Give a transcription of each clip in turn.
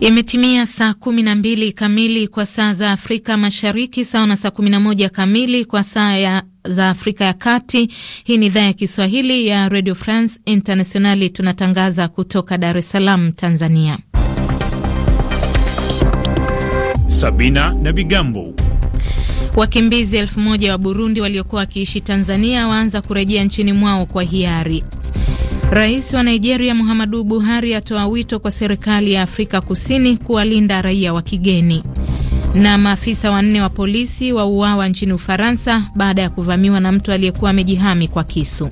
Imetimia saa 12 kamili kwa saa za Afrika Mashariki, sawa na saa 11 kamili kwa saa ya za Afrika ya Kati. Hii ni idhaa ya Kiswahili ya Radio France Internationali, tunatangaza kutoka Dar es Salaam, Tanzania. Sabina na Bigambo. Wakimbizi elfu moja wa Burundi waliokuwa wakiishi Tanzania waanza kurejea nchini mwao kwa hiari. Rais wa Nigeria Muhammadu Buhari atoa wito kwa serikali ya Afrika Kusini kuwalinda raia wa kigeni. Na maafisa wanne wa polisi wauawa nchini Ufaransa baada ya kuvamiwa na mtu aliyekuwa amejihami kwa kisu.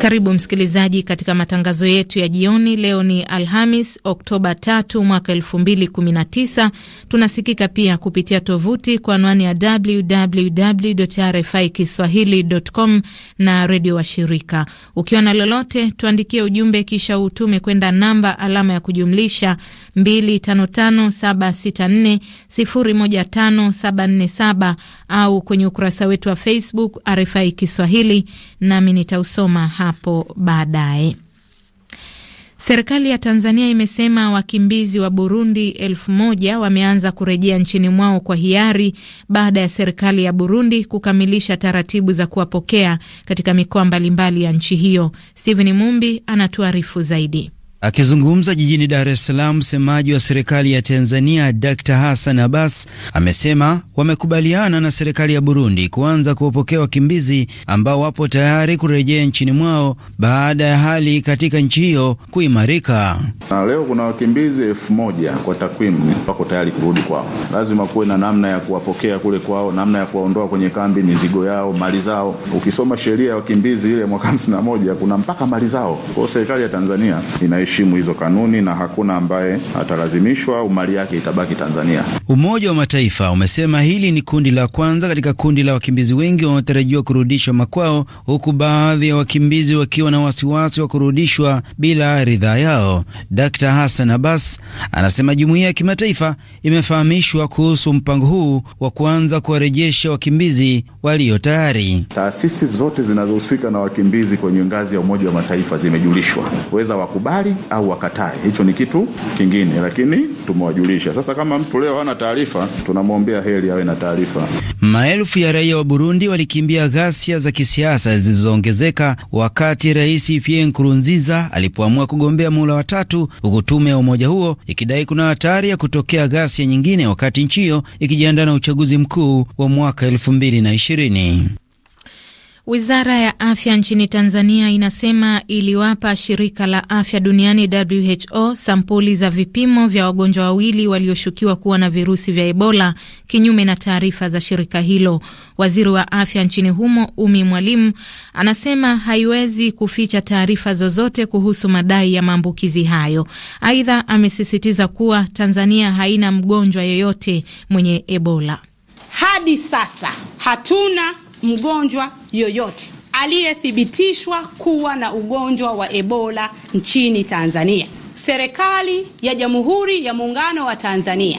Karibu msikilizaji katika matangazo yetu ya jioni. Leo ni Alhamis, Oktoba 3 mwaka 2019. Tunasikika pia kupitia tovuti kwa anwani ya www RFI kiswahili.com na redio wa shirika Ukiwa na lolote, tuandikie ujumbe kisha utume kwenda namba alama ya kujumlisha 255764015747 au kwenye ukurasa wetu wa Facebook RFI Kiswahili, nami nitausoma ha hapo baadaye. Serikali ya Tanzania imesema wakimbizi wa Burundi elfu moja wameanza kurejea nchini mwao kwa hiari baada ya serikali ya Burundi kukamilisha taratibu za kuwapokea katika mikoa mbalimbali ya nchi hiyo. Stephen Mumbi anatuarifu zaidi. Akizungumza jijini Dar es Salaam, msemaji wa serikali ya Tanzania Dr Hassan Abbas amesema wamekubaliana na serikali ya Burundi kuanza kuwapokea wakimbizi ambao wapo tayari kurejea nchini mwao baada ya hali katika nchi hiyo kuimarika. Na leo kuna wakimbizi elfu moja kwa takwimu wako tayari kurudi kwao. Lazima kuwe na namna ya kuwapokea kule kwao, namna ya kuwaondoa kwenye kambi, mizigo yao, mali zao. Ukisoma sheria ya wakimbizi ile mwaka hamsini na moja kuna mpaka mali zao kwao. Serikali ya Tanzania ina kuheshimu hizo kanuni na hakuna ambaye atalazimishwa au mali yake itabaki Tanzania. Umoja wa Mataifa umesema hili ni kundi la kwanza katika kundi la wakimbizi wengi wanaotarajiwa kurudishwa makwao, huku baadhi ya wakimbizi wakiwa na wasiwasi wa kurudishwa bila ridhaa yao. Dkt Hassan Abbas anasema jumuiya ya kimataifa imefahamishwa kuhusu mpango huu wa kuanza kuwarejesha wakimbizi walio tayari. Taasisi zote zinazohusika na wakimbizi kwenye ngazi ya Umoja wa Mataifa zimejulishwa, weza wakubali au wakatae, hicho ni kitu kingine, lakini tumewajulisha. Sasa kama mtu leo hana taarifa, tunamwombea heri awe na taarifa. Maelfu ya raia wa Burundi walikimbia ghasia za kisiasa zilizoongezeka wakati Rais Pierre Nkurunziza alipoamua kugombea muhula wa tatu, huku tume ya umoja huo ikidai kuna hatari ya kutokea ghasia nyingine wakati nchi hiyo ikijiandaa na uchaguzi mkuu wa mwaka elfu mbili na ishirini. Wizara ya afya nchini Tanzania inasema iliwapa shirika la afya duniani WHO sampuli za vipimo vya wagonjwa wawili walioshukiwa kuwa na virusi vya Ebola, kinyume na taarifa za shirika hilo. Waziri wa afya nchini humo Umi Mwalimu anasema haiwezi kuficha taarifa zozote kuhusu madai ya maambukizi hayo. Aidha, amesisitiza kuwa Tanzania haina mgonjwa yoyote mwenye Ebola hadi sasa, hatuna mgonjwa yoyote aliyethibitishwa kuwa na ugonjwa wa Ebola nchini Tanzania. Serikali ya Jamhuri ya Muungano wa Tanzania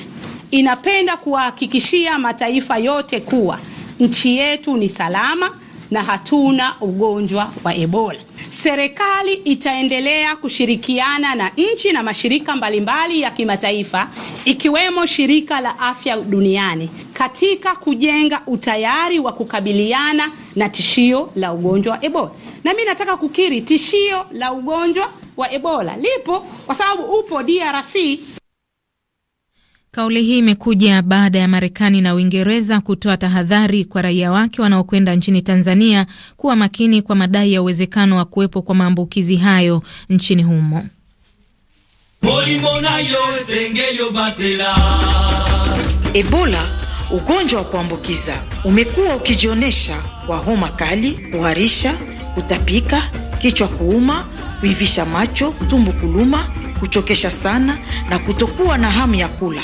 inapenda kuwahakikishia mataifa yote kuwa nchi yetu ni salama na hatuna ugonjwa wa Ebola serikali itaendelea kushirikiana na nchi na mashirika mbalimbali ya kimataifa ikiwemo shirika la afya duniani katika kujenga utayari wa kukabiliana na tishio la ugonjwa wa Ebola. Na mi nataka kukiri tishio la ugonjwa wa Ebola lipo kwa sababu upo DRC. Kauli hii imekuja baada ya Marekani na Uingereza kutoa tahadhari kwa raia wake wanaokwenda nchini Tanzania kuwa makini kwa madai ya uwezekano wa kuwepo kwa maambukizi hayo nchini humo. Ebola, ugonjwa wa kuambukiza umekuwa ukijionyesha kwa homa kali, kuharisha, kutapika, kichwa kuuma, kuivisha macho, tumbo kuluma, kuchokesha sana na kutokuwa na hamu ya kula.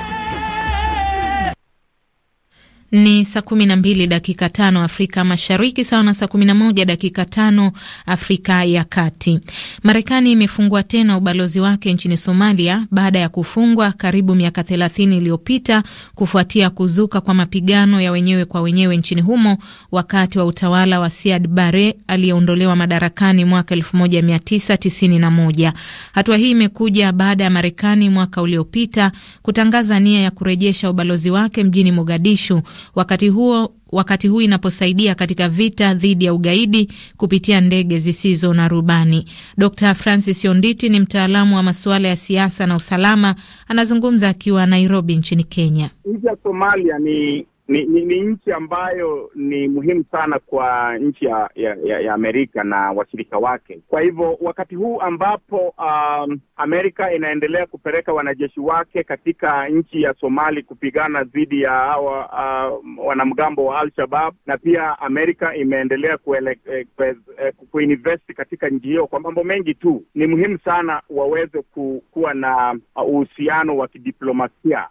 Ni saa kumi na mbili dakika tano Afrika Mashariki, sawa na saa kumi na moja dakika tano Afrika ya Kati. Marekani imefungua tena ubalozi wake nchini Somalia baada ya kufungwa karibu miaka thelathini iliyopita kufuatia kuzuka kwa mapigano ya wenyewe kwa wenyewe nchini humo wakati wa utawala wa Siad Barre aliyeondolewa madarakani mwaka 1991. Hatua hii imekuja baada ya Marekani mwaka uliopita kutangaza nia ya kurejesha ubalozi wake mjini Mogadishu wakati huo wakati huu inaposaidia katika vita dhidi ya ugaidi kupitia ndege zisizo na rubani. Dr Francis Onditi ni mtaalamu wa masuala ya siasa na usalama, anazungumza akiwa Nairobi nchini Kenya. Nchi ya Somalia ni ni, ni, ni nchi ambayo ni muhimu sana kwa nchi ya, ya, ya Amerika na washirika wake. Kwa hivyo wakati huu ambapo um, Amerika inaendelea kupeleka wanajeshi wake katika nchi ya Somali kupigana dhidi ya hawa uh, wanamgambo wa Al-Shabab, na pia Amerika imeendelea kuele, eh, eh, kuinvest katika nchi hiyo kwa mambo mengi tu, ni muhimu sana waweze ku, kuwa na uh, uhusiano wa kidiplomasia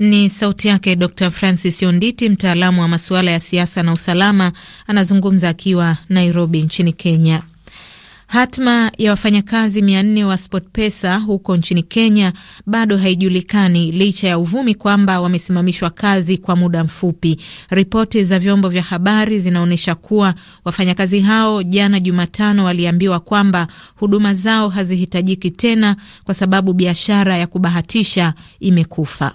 ni sauti yake Dr Francis Onditi, mtaalamu wa masuala ya siasa na usalama, anazungumza akiwa Nairobi nchini Kenya. Hatma ya wafanyakazi mia nne wa SportPesa huko nchini Kenya bado haijulikani licha ya uvumi kwamba wamesimamishwa kazi kwa muda mfupi. Ripoti za vyombo vya habari zinaonyesha kuwa wafanyakazi hao jana Jumatano waliambiwa kwamba huduma zao hazihitajiki tena kwa sababu biashara ya kubahatisha imekufa.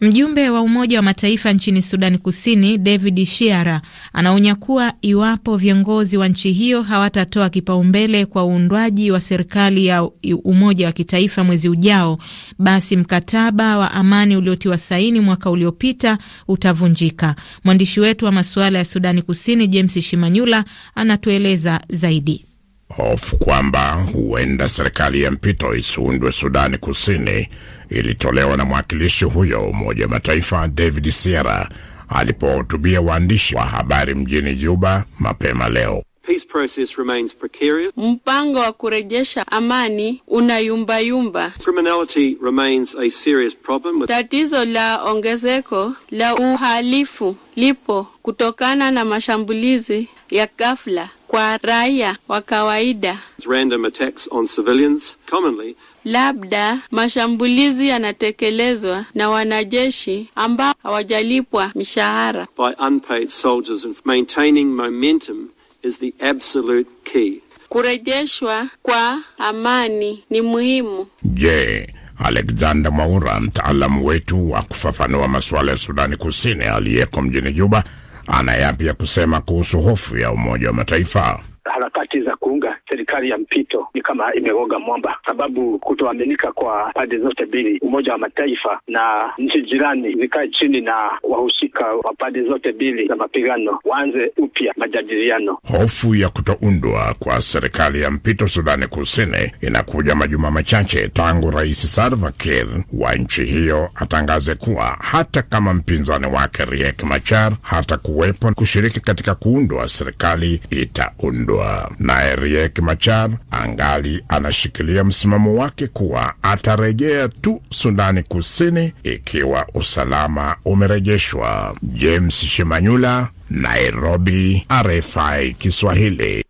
Mjumbe wa Umoja wa Mataifa nchini Sudan Kusini, David Shiara, anaonya kuwa iwapo viongozi wa nchi hiyo hawatatoa kipaumbele kwa uundwaji wa serikali ya umoja wa kitaifa mwezi ujao, basi mkataba wa amani uliotiwa saini mwaka uliopita utavunjika. Mwandishi wetu wa masuala ya Sudani Kusini, James Shimanyula, anatueleza zaidi. Hofu kwamba huenda serikali ya mpito isiundwe Sudani Kusini ilitolewa na mwakilishi huyo Umoja wa Mataifa David Sierra alipohutubia waandishi wa habari mjini Juba mapema leo. Peace process remains precarious. Mpango wa kurejesha amani unayumbayumba. Criminality remains a serious problem with... Tatizo la ongezeko la uhalifu lipo kutokana na mashambulizi ya ghafla kwa raia wa kawaida. Random attacks on civilians commonly labda mashambulizi yanatekelezwa na wanajeshi ambao hawajalipwa mishahara. By unpaid soldiers and maintaining momentum is the absolute key. Kurejeshwa kwa amani ni muhimu. Je, yeah. Alexander Mwaura mtaalamu wetu wa kufafanua masuala ya Sudani Kusini aliyeko mjini Juba ana yapi ya kusema kuhusu hofu ya Umoja wa Mataifa? harakati za kuunga serikali ya mpito ni kama imegonga mwamba, sababu kutoaminika kwa pande zote mbili, Umoja wa Mataifa na nchi jirani zikae chini na wahusika wa pande zote mbili za mapigano waanze upya majadiliano. Hofu ya kutoundwa kwa serikali ya mpito Sudani Kusini inakuja majuma machache tangu Rais Salva Kiir wa nchi hiyo atangaze kuwa hata kama mpinzani wake Riek Machar hata kuwepo kushiriki katika kuundwa serikali itaundwa kuondolewa. Naye Riek Machar angali anashikilia msimamo wake kuwa atarejea tu Sudani Kusini ikiwa usalama umerejeshwa. James Shimanyula, Nairobi, RFI Kiswahili.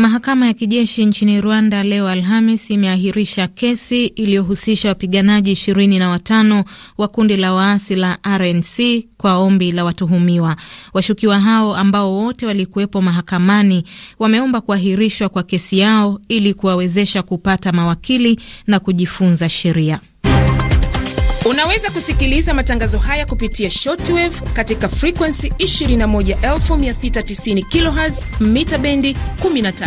Mahakama ya kijeshi nchini Rwanda leo Alhamis imeahirisha kesi iliyohusisha wapiganaji ishirini na watano wa kundi la waasi la RNC kwa ombi la watuhumiwa. Washukiwa hao ambao wote walikuwepo mahakamani wameomba kuahirishwa kwa kesi yao ili kuwawezesha kupata mawakili na kujifunza sheria. Unaweza kusikiliza matangazo haya kupitia shortwave katika frequency 21690 kHz mita bendi 13.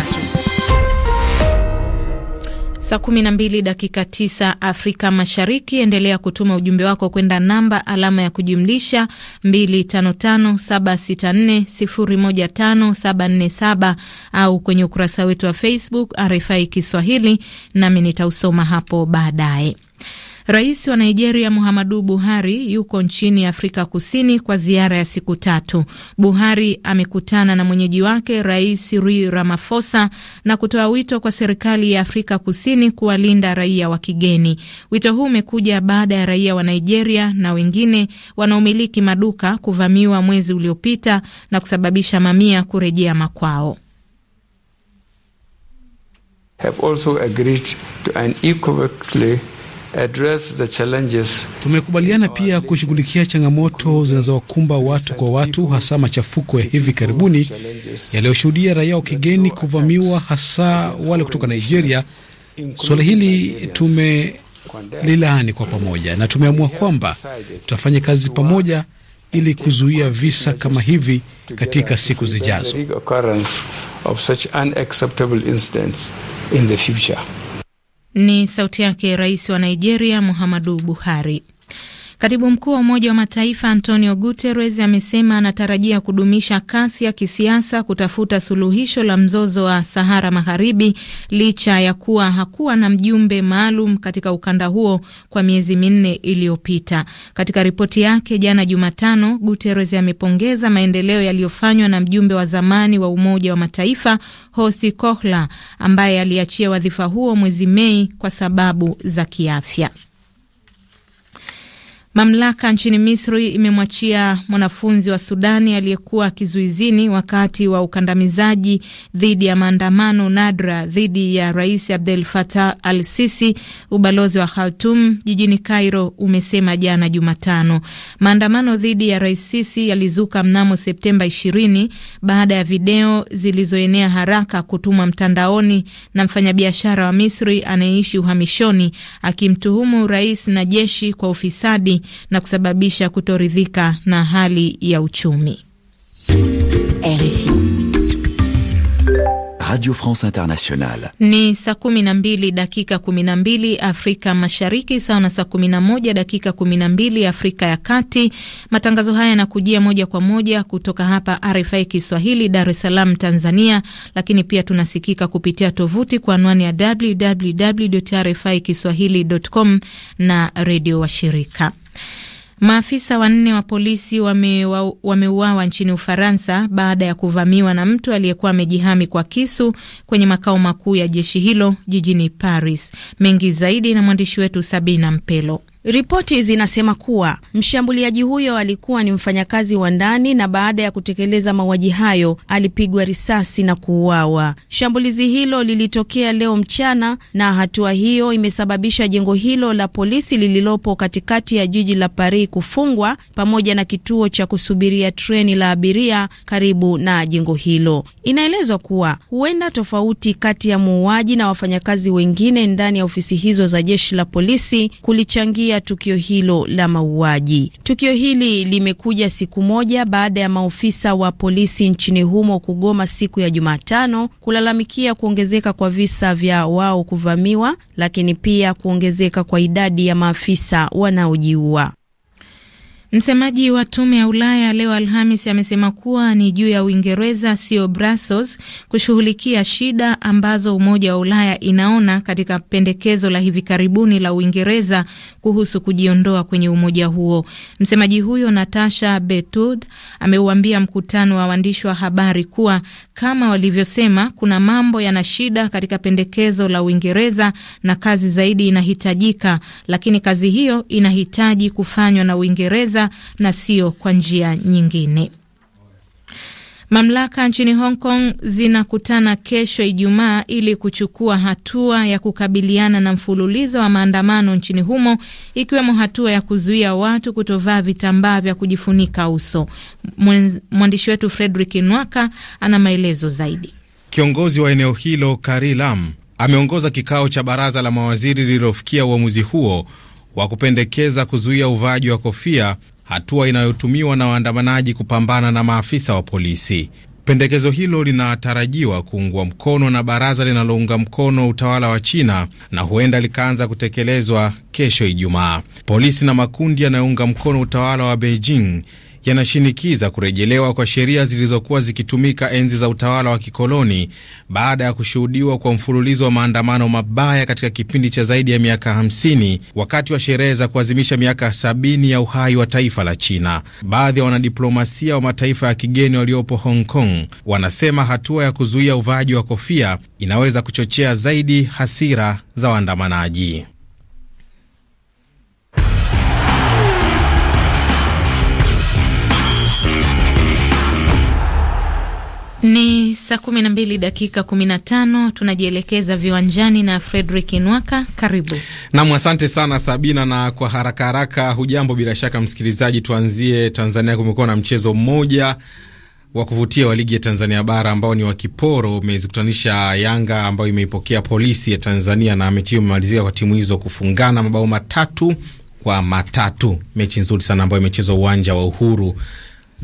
Saa 12 dakika 9 Afrika Mashariki. Endelea kutuma ujumbe wako kwenda namba alama ya kujumlisha 255764015747 au kwenye ukurasa wetu wa Facebook RFI Kiswahili, nami nitausoma hapo baadaye. Rais wa Nigeria Muhammadu Buhari yuko nchini Afrika Kusini kwa ziara ya siku tatu. Buhari amekutana na mwenyeji wake Rais Cyril Ramaphosa na kutoa wito kwa serikali ya Afrika Kusini kuwalinda raia wa kigeni. Wito huu umekuja baada ya raia wa Nigeria na wengine wanaomiliki maduka kuvamiwa mwezi uliopita na kusababisha mamia kurejea makwao. Have also agreed to address the challenges. Tumekubaliana pia kushughulikia changamoto zinazowakumba watu kwa watu, hasa machafuko ya hivi karibuni yaliyoshuhudia raia wa kigeni kuvamiwa, hasa wale kutoka Nigeria. Suala hili tumelilaani kwa pamoja na tumeamua kwamba tutafanya kazi pamoja ili kuzuia visa kama hivi katika siku zijazo. Ni sauti yake Rais wa Nigeria Muhammadu Buhari. Katibu mkuu wa Umoja wa Mataifa Antonio Guterres amesema anatarajia kudumisha kasi ya kisiasa kutafuta suluhisho la mzozo wa Sahara Magharibi licha ya kuwa hakuwa na mjumbe maalum katika ukanda huo kwa miezi minne iliyopita. Katika ripoti yake jana Jumatano, Guterres amepongeza maendeleo yaliyofanywa na mjumbe wa zamani wa Umoja wa Mataifa Horst Kohler ambaye aliachia wadhifa huo mwezi Mei kwa sababu za kiafya. Mamlaka nchini Misri imemwachia mwanafunzi wa Sudani aliyekuwa kizuizini wakati wa ukandamizaji dhidi ya maandamano nadra dhidi ya Rais Abdel Fattah al Sisi, ubalozi wa Khartum jijini Cairo umesema jana Jumatano. Maandamano dhidi ya Rais Sisi yalizuka mnamo Septemba 20 baada ya video zilizoenea haraka kutumwa mtandaoni na mfanyabiashara wa Misri anayeishi uhamishoni akimtuhumu rais na jeshi kwa ufisadi na kusababisha kutoridhika na hali ya uchumi. RFI. Radio France Internationale. Ni saa kumi na mbili dakika kumi na mbili Afrika Mashariki, sawa na saa kumi na moja dakika kumi na mbili Afrika ya Kati. Matangazo haya yanakujia moja kwa moja kutoka hapa RFI Kiswahili, Dar es Salaam, Tanzania, lakini pia tunasikika kupitia tovuti kwa anwani ya www.rfi rfi kiswahili.com na redio washirika Maafisa wanne wa polisi wameuawa wame nchini Ufaransa baada ya kuvamiwa na mtu aliyekuwa amejihami kwa kisu kwenye makao makuu ya jeshi hilo jijini Paris. Mengi zaidi na mwandishi wetu Sabina Mpelo. Ripoti zinasema kuwa mshambuliaji huyo alikuwa ni mfanyakazi wa ndani na baada ya kutekeleza mauaji hayo alipigwa risasi na kuuawa. Shambulizi hilo lilitokea leo mchana na hatua hiyo imesababisha jengo hilo la polisi lililopo katikati ya jiji la Paris kufungwa pamoja na kituo cha kusubiria treni la abiria karibu na jengo hilo. Inaelezwa kuwa huenda tofauti kati ya muuaji na wafanyakazi wengine ndani ya ofisi hizo za jeshi la polisi kulichangia kufuatia tukio hilo la mauaji. Tukio hili limekuja siku moja baada ya maofisa wa polisi nchini humo kugoma siku ya Jumatano kulalamikia kuongezeka kwa visa vya wao kuvamiwa, lakini pia kuongezeka kwa idadi ya maafisa wanaojiua. Msemaji wa tume ya Ulaya leo Alhamis amesema kuwa ni juu ya Uingereza, sio Brussels, kushughulikia shida ambazo Umoja wa Ulaya inaona katika pendekezo la hivi karibuni la Uingereza kuhusu kujiondoa kwenye umoja huo. Msemaji huyo Natasha Betud ameuambia mkutano wa waandishi wa habari kuwa kama walivyosema, kuna mambo yana shida katika pendekezo la Uingereza na kazi zaidi inahitajika, lakini kazi hiyo inahitaji kufanywa na Uingereza na sio kwa njia nyingine. Mamlaka nchini Hong Kong zinakutana kesho Ijumaa ili kuchukua hatua ya kukabiliana na mfululizo wa maandamano nchini humo ikiwemo hatua ya kuzuia watu kutovaa vitambaa vya kujifunika uso. Mwandishi wetu Fredrick Nwaka ana maelezo zaidi. Kiongozi wa eneo hilo Carrie Lam ameongoza kikao cha baraza la mawaziri lililofikia uamuzi huo wa kupendekeza kuzuia uvaaji wa kofia hatua inayotumiwa na waandamanaji kupambana na maafisa wa polisi. Pendekezo hilo linatarajiwa kuungwa mkono na baraza linalounga mkono utawala wa China na huenda likaanza kutekelezwa kesho Ijumaa. Polisi na makundi yanayounga mkono utawala wa Beijing yanashinikiza kurejelewa kwa sheria zilizokuwa zikitumika enzi za utawala wa kikoloni baada ya kushuhudiwa kwa mfululizo wa maandamano mabaya katika kipindi cha zaidi ya miaka 50 wakati wa sherehe za kuadhimisha miaka 70 ya uhai wa taifa la China. Baadhi ya wanadiplomasia wa mataifa ya kigeni waliopo Hong Kong wanasema hatua ya kuzuia uvaaji wa kofia inaweza kuchochea zaidi hasira za waandamanaji. Ni saa kumi na mbili dakika kumi na tano. Tunajielekeza viwanjani na Fredrik Nwaka, karibu nam. Asante sana Sabina, na kwa haraka haraka, hujambo bila shaka msikilizaji. Tuanzie Tanzania, kumekuwa na mchezo mmoja wa kuvutia wa ligi ya Tanzania bara ambao ni wa kiporo umezikutanisha Yanga ambayo imeipokea Polisi ya Tanzania, na mechi hiyo imemalizika kwa timu hizo kufungana mabao matatu kwa matatu. Mechi nzuri sana ambayo imechezwa uwanja wa Uhuru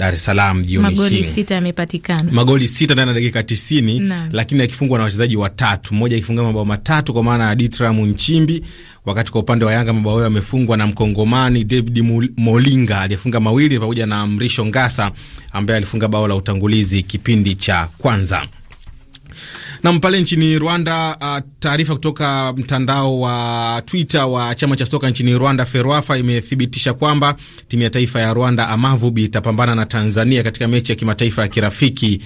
Dar es Salaam jioni hii. Magoli sita yamepatikana, magoli sita ndani ya dakika 90 lakini yakifungwa na wachezaji watatu, mmoja akifunga mabao matatu kwa maana ya Ditram Nchimbi, wakati kwa upande wa Yanga mabao yamefungwa na Mkongomani David Molinga aliyefunga mawili pamoja na Mrisho Ngasa ambaye alifunga bao la utangulizi kipindi cha kwanza. Nam pale nchini Rwanda, uh, taarifa kutoka mtandao wa Twitter wa chama cha soka nchini Rwanda FERWAFA imethibitisha kwamba timu ya taifa ya Rwanda Amavubi itapambana na Tanzania katika mechi ya kimataifa ya kirafiki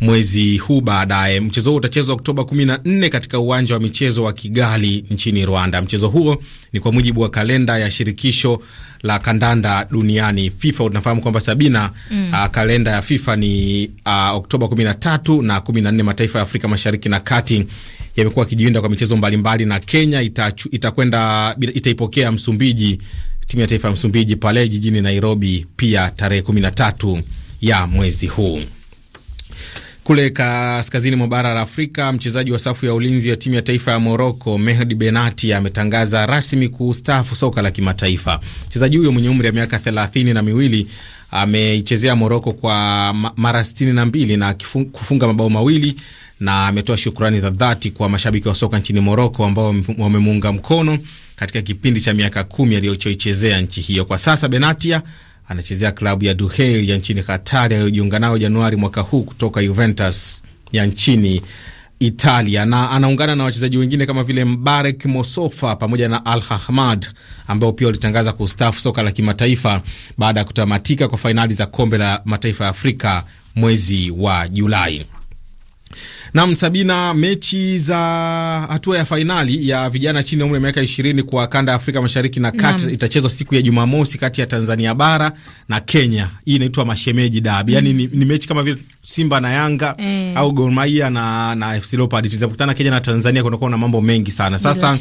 mwezi huu baadaye. Mchezo huo utachezwa Oktoba 14 katika uwanja wa michezo wa Kigali nchini Rwanda. Mchezo huo ni kwa mujibu wa kalenda ya shirikisho la kandanda duniani FIFA. Unafahamu kwamba Sabina, mm. uh, kalenda ya FIFA ni uh, Oktoba 13 na 14. Mataifa ya Afrika Mashariki na Kati yamekuwa yakijiunga kwa michezo mbalimbali, na Kenya itakwenda ita itaipokea Msumbiji, timu ya taifa ya Msumbiji pale jijini Nairobi, pia tarehe 13 ya mwezi huu. Kule kaskazini mwa bara la Afrika, mchezaji wa safu ya ulinzi wa timu ya taifa ya Moroko Mehdi Benati ametangaza rasmi kustaafu soka la kimataifa. Mchezaji huyo mwenye umri wa miaka thelathini na miwili ameichezea Moroko kwa mara sitini na mbili na kufunga mabao mawili na ametoa shukrani za dhati kwa mashabiki wa soka nchini Moroko ambao wamemuunga mkono katika kipindi cha miaka kumi aliyochoichezea nchi hiyo. Kwa sasa Benatia anachezea klabu ya duhel ya nchini Qatar aliyojiunga nayo Januari mwaka huu kutoka Juventus ya nchini Italia na anaungana na wachezaji wengine kama vile Mbarek Mosofa pamoja na Al Ahmad ambao pia walitangaza kustaafu soka la kimataifa baada ya kutamatika kwa fainali za kombe la mataifa ya Afrika mwezi wa Julai. Nam Sabina, mechi za hatua ya fainali ya vijana chini ya umri wa miaka ishirini kwa kanda ya Afrika Mashariki na Kati itachezwa siku ya Jumamosi kati ya Tanzania bara na Kenya. Hii inaitwa mashemeji dabi, yaani mm. ni, ni mechi kama vile Simba na Yanga e, au Gor Mahia na, na FC Leopards. Zinapokutana Kenya na Tanzania, kunakuwa na mambo mengi sana. Sasa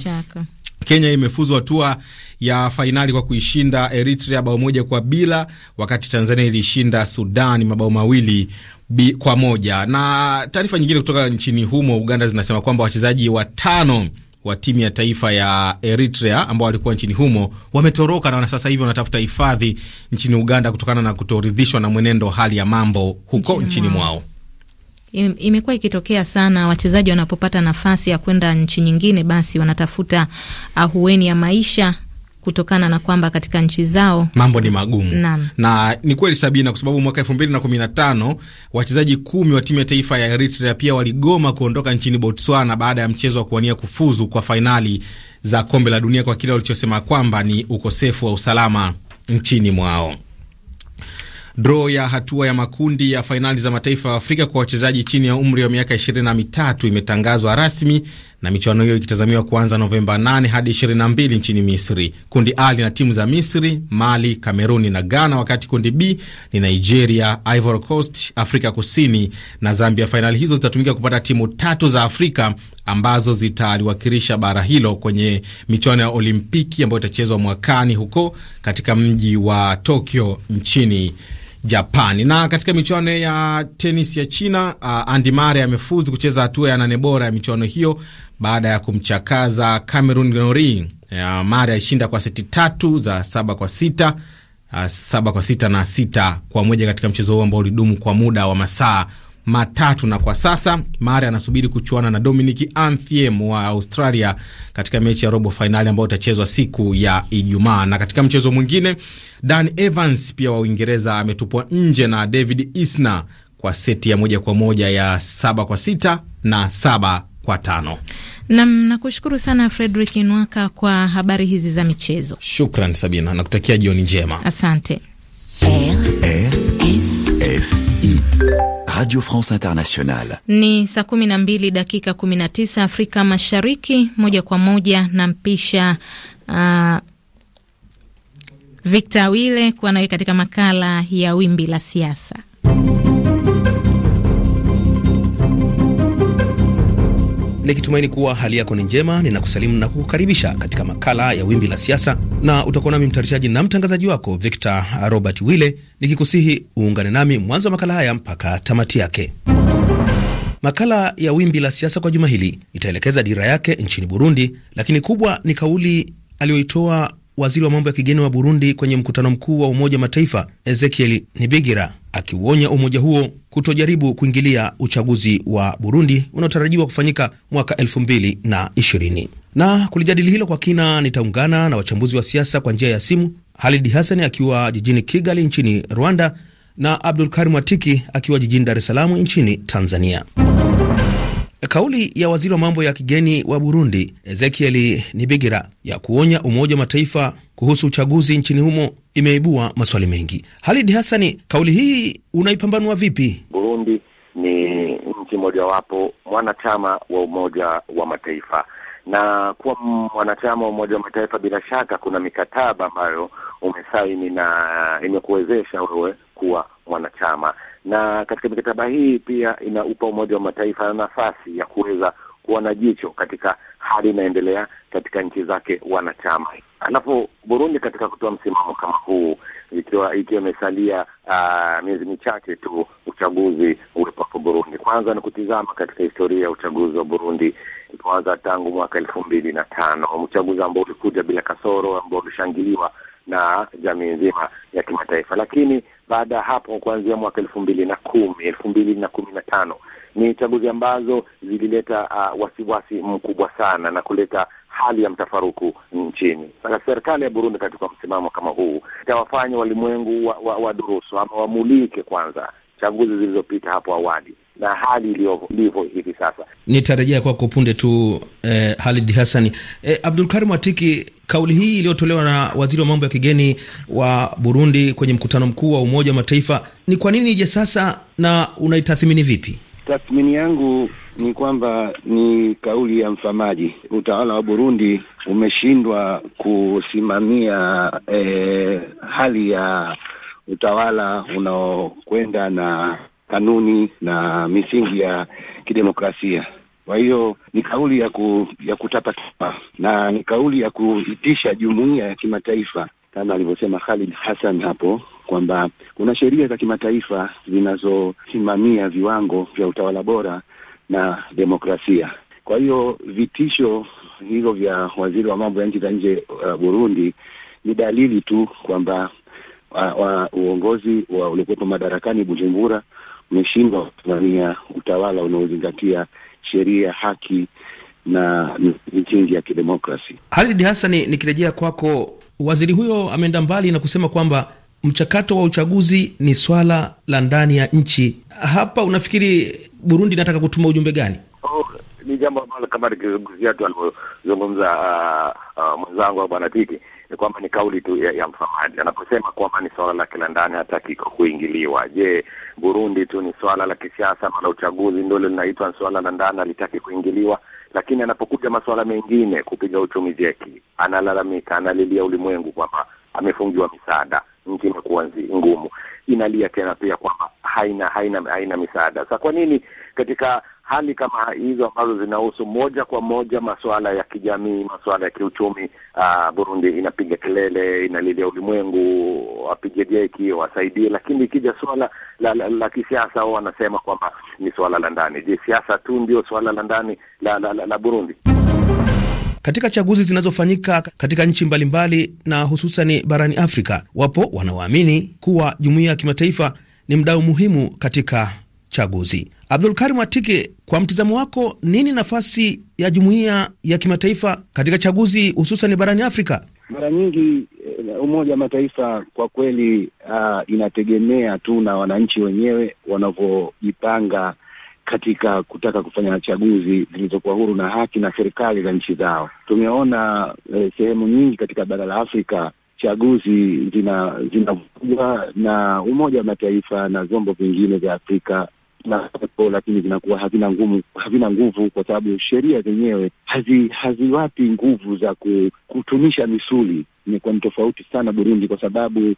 Kenya imefuzu hatua ya fainali kwa kuishinda Eritrea bao moja kwa bila, wakati Tanzania ilishinda Sudan mabao mawili bi kwa moja. Na taarifa nyingine kutoka nchini humo Uganda zinasema kwamba wachezaji watano wa timu ya taifa ya Eritrea ambao walikuwa nchini humo wametoroka na sasa hivi wanatafuta hifadhi nchini Uganda kutokana na kutoridhishwa na mwenendo hali ya mambo huko nchini, nchini mwao. Imekuwa ikitokea sana wachezaji wanapopata nafasi ya kwenda nchi nyingine, basi wanatafuta ahueni ya maisha kutokana na kwamba katika nchi zao mambo ni magumu na, na ni kweli Sabina, kwa sababu mwaka elfu mbili na kumi na tano wachezaji kumi wa timu ya taifa ya Eritrea pia waligoma kuondoka nchini Botswana baada ya mchezo wa kuwania kufuzu kwa fainali za kombe la dunia kwa kile walichosema kwamba ni ukosefu wa usalama nchini mwao. Draw ya hatua ya makundi ya fainali za mataifa ya Afrika kwa wachezaji chini ya umri wa miaka 23 imetangazwa rasmi na michuano hiyo ikitazamiwa kuanza Novemba 8 hadi 22 nchini Misri. Kundi A lina timu za Misri, Mali, Kameruni na Ghana, wakati kundi B ni Nigeria, Ivory Coast, Afrika Kusini na Zambia. Fainali hizo zitatumika kupata timu tatu za Afrika ambazo zitaliwakilisha bara hilo kwenye michuano ya Olimpiki ambayo itachezwa mwakani huko katika mji wa Tokyo nchini Japani. Na katika michuano ya tenis ya China, uh, Andy Murray amefuzu kucheza hatua ya nane bora ya michuano hiyo baada ya kumchakaza Cameron Norrie. Uh, Murray alishinda kwa seti tatu za saba kwa sita uh, saba kwa sita na sita kwa moja katika mchezo huo ambao ulidumu kwa muda wa masaa matatu, na kwa sasa Mare anasubiri kuchuana na Dominic anthiem wa Australia katika mechi ya robo fainali ambayo itachezwa siku ya Ijumaa. Na katika mchezo mwingine, Dan Evans pia wa Uingereza ametupwa nje na David Isner kwa seti ya moja kwa moja ya saba kwa sita na saba kwa tano. Nam, nakushukuru sana Fredrik Nwaka kwa habari hizi za michezo. Shukran Sabina, nakutakia jioni njema. Asante. RFI Radio France Internationale. Ni saa 12 dakika 19 Afrika Mashariki, moja kwa moja na mpisha uh, Victor Wile kuwa nawe katika makala ya wimbi la siasa. nikitumaini kuwa hali yako ni njema. Ninakusalimu na kukukaribisha katika makala ya Wimbi la Siasa, na utakuwa nami mtayarishaji na mtangazaji wako Victor Robert Wille, nikikusihi uungane nami mwanzo wa makala haya mpaka tamati yake. Makala ya Wimbi la Siasa kwa juma hili itaelekeza dira yake nchini Burundi, lakini kubwa ni kauli aliyoitoa waziri wa mambo ya kigeni wa Burundi kwenye mkutano mkuu wa Umoja wa Mataifa Ezekiel Nibigira akiuonya umoja huo kutojaribu kuingilia uchaguzi wa Burundi unaotarajiwa kufanyika mwaka 220 Na kulijadili hilo kwa kina, nitaungana na wachambuzi wa siasa kwa njia ya simu, Halidi Hasani akiwa jijini Kigali nchini Rwanda na Abdul Karim Watiki akiwa jijini Dar es Salaam nchini Tanzania. Kauli ya waziri wa mambo ya kigeni wa Burundi Ezekiel Nibigira ya kuonya Umoja wa Mataifa kuhusu uchaguzi nchini humo imeibua maswali mengi. Halidi Hassani, kauli hii unaipambanua vipi? Burundi ni nchi mojawapo mwanachama wa Umoja wa Mataifa na kuwa mwanachama wa Umoja wa Mataifa, bila shaka kuna mikataba ambayo umesaini na imekuwezesha wewe kuwa mwanachama na katika mikataba hii pia inaupa Umoja wa Mataifa na nafasi ya kuweza kuwa na jicho katika hali inaendelea katika nchi zake wanachama. Alafu Burundi katika kutoa msimamo kama huu, ikiwa ikiwa imesalia uh, miezi michache tu uchaguzi uwepako Burundi, kwanza ni kutizama katika historia ya uchaguzi wa Burundi kwanza tangu mwaka elfu mbili na tano, uchaguzi ambao ulikuja bila kasoro, ambao ulishangiliwa na jamii nzima ya kimataifa. Lakini baada ya hapo, kuanzia mwaka elfu mbili na kumi elfu mbili na kumi na tano ni chaguzi ambazo zilileta uh, wasiwasi mkubwa sana na kuleta hali ya mtafaruku nchini. Sasa serikali ya Burundi katika msimamo kama huu itawafanya walimwengu wa, wa, wa ama wamulike kwanza chaguzi zilizopita hapo awali na hali ilivyo hivi sasa. Nitarejea kwako punde tu eh, Halid Hassan. Eh, Karim Atiki, kauli hii iliyotolewa na waziri wa mambo ya kigeni wa Burundi kwenye mkutano mkuu wa Umoja wa Mataifa ni kwa nini ije sasa na unaitathmini vipi? Tathmini yangu ni kwamba ni kauli ya mfamaji. Utawala wa Burundi umeshindwa kusimamia eh, hali ya utawala unaokwenda na kanuni na misingi ya kidemokrasia. Kwa hiyo ni kauli ya, ku, ya kutapa na ni kauli ya kuitisha jumuiya ya kimataifa kama alivyosema Khalid Hassan hapo kwamba kuna sheria za kimataifa zinazosimamia viwango vya utawala bora na demokrasia. Kwa hiyo vitisho hivyo vya waziri wa mambo ya nchi za nje uh, Burundi ni dalili tu kwamba uh, uongozi wa uliokuwepo madarakani Bujumbura umeshindwa kusimamia utawala unaozingatia sheria, haki na misingi ya kidemokrasi. Halid hasani nikirejea kwako, waziri huyo ameenda mbali na kusema kwamba mchakato wa uchaguzi ni swala la ndani ya nchi. Hapa unafikiri Burundi inataka kutuma ujumbe gani? Oh, ni jambo ambalo kama nikizungumzia tu alivyozungumza uh, uh, mwenzangu Bwana Tiki ni kwamba ni kauli tu ya, ya msamaji anaposema kwamba ni swala lake la ndani hataki kuingiliwa. Je, Burundi tu ni swala la kisiasa ama la uchaguzi ndio linaitwa swala la ndani halitaki kuingiliwa? Lakini anapokuja masuala mengine kupiga uchumi jeki, analalamika, analilia ulimwengu kwamba amefungiwa misaada nzima kuwa ngumu. Inalia tena pia kwamba haina haina haina misaada. Sasa kwa nini katika hali kama hizo ambazo zinahusu moja kwa moja masuala ya kijamii, masuala ya kiuchumi, uh, Burundi inapiga kelele, inalilia ulimwengu wapige jeki, wasaidie, lakini ikija suala la, la, la kisiasa wao wanasema kwamba ni suala la ndani. Je, siasa tu ndio suala la ndani la, la, la, la Burundi? Katika chaguzi zinazofanyika katika nchi mbalimbali na hususani barani Afrika, wapo wanaoamini kuwa jumuiya ya kimataifa ni mdau muhimu katika chaguzi. Karim Atike, kwa mtizamo wako, nini nafasi ya jumuiya ya kimataifa katika chaguzi hususan barani Afrika? Mara nyingi eh, Umoja wa Mataifa kwa kweli, uh, inategemea tu na wananchi wenyewe wanavyojipanga katika kutaka kufanya chaguzi zilizokuwa huru na haki na serikali za nchi zao. Tumeona eh, sehemu nyingi katika bara la Afrika chaguzi zinavugwa zina na Umoja wa Mataifa na vyombo vingine vya Afrika na lakini zinakuwa havina ngumu, havina nguvu kwa sababu sheria zenyewe hazi, haziwapi nguvu za kutumisha misuli. Imekuwa ni tofauti sana Burundi, kwa sababu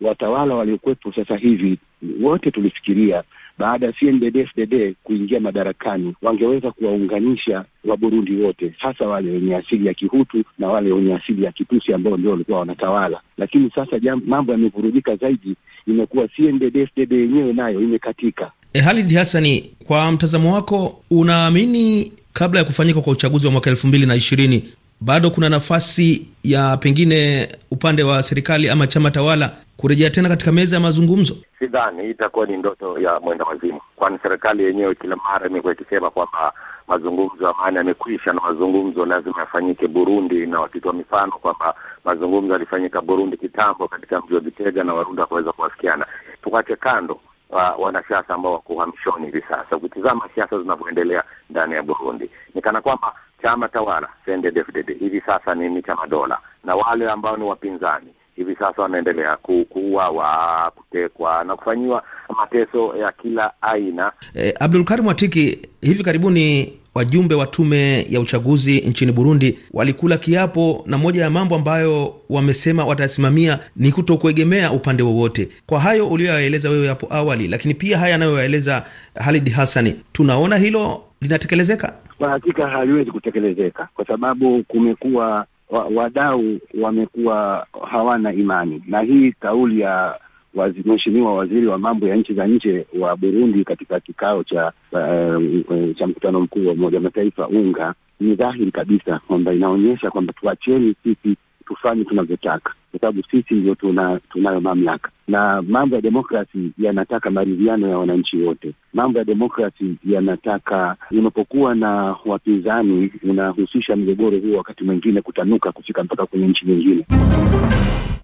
watawala waliokuwepo sasa hivi wote tulifikiria baada ya CNDD-FDD kuingia madarakani, wangeweza kuwaunganisha Waburundi wote, hasa wale wenye asili ya Kihutu na wale wenye asili ya Kitusi ambao ndio walikuwa wanatawala. Lakini sasa jam, mambo yamevurudika zaidi, imekuwa CNDD-FDD yenyewe nayo imekatika. E, Halid hasani kwa mtazamo wako unaamini kabla ya kufanyika kwa uchaguzi wa mwaka elfu mbili na ishirini bado kuna nafasi ya pengine upande wa serikali ama chama tawala kurejea tena katika meza ya mazungumzo? Sidhani hii itakuwa ni ndoto ya mwenda wazimu, kwani serikali yenyewe kila mara imekuwa ikisema kwamba mazungumzo ya amani yamekwisha na mazungumzo lazima yafanyike Burundi, na wakitoa mifano kwamba mazungumzo yalifanyika Burundi kitambo katika mji wa vitega na Warundi wakaweza kuwasikiana. Tukache kando wa, wanasiasa ambao wako uhamishoni hivi sasa. Ukitizama siasa zinavyoendelea ndani ya Burundi, ni kana kwamba chama tawala CNDD-FDD hivi sasa ni chama dola, na wale ambao ni wapinzani hivi sasa wanaendelea kuuawa, kutekwa na kufanyiwa mateso ya kila aina. Eh, Karim Watiki, hivi karibuni wajumbe wa tume ya uchaguzi nchini Burundi walikula kiapo na moja ya mambo ambayo wamesema watasimamia ni kutokuegemea upande wowote. Kwa hayo uliyoyaeleza wewe hapo awali, lakini pia haya anayoyaeleza Halid Hassani, tunaona hilo linatekelezeka? Kwa hakika haliwezi kutekelezeka kwa sababu kumekuwa wa, wadau wamekuwa hawana imani na hii kauli ya wazi, Mheshimiwa Waziri wa mambo ya nchi za nje wa Burundi katika kikao cha uh, cha mkutano mkuu wa Umoja Mataifa unga ni dhahiri kabisa kwamba inaonyesha kwamba tuacheni sisi tufanye tunavyotaka, kwa sababu sisi ndio tuna, tunayo mamlaka. Na mambo ya demokrasi yanataka maridhiano ya wananchi wote. Mambo ya demokrasi yanataka, unapokuwa na wapinzani unahusisha mgogoro huo, wakati mwingine kutanuka kufika mpaka kwenye nchi nyingine.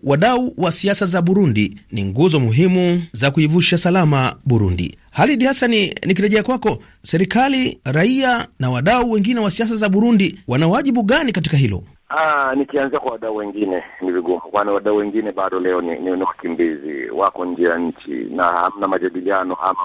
Wadau wa siasa za Burundi ni nguzo muhimu za kuivusha salama Burundi. Halidi Hasani, nikirejea kwako, serikali, raia na wadau wengine wa siasa za Burundi wana wajibu gani katika hilo? Ah, nikianzia kwa wadau wengine ni vigumu, kwani wadau wengine bado leo ni, ni wakimbizi wako nje ya nchi na hamna majadiliano ama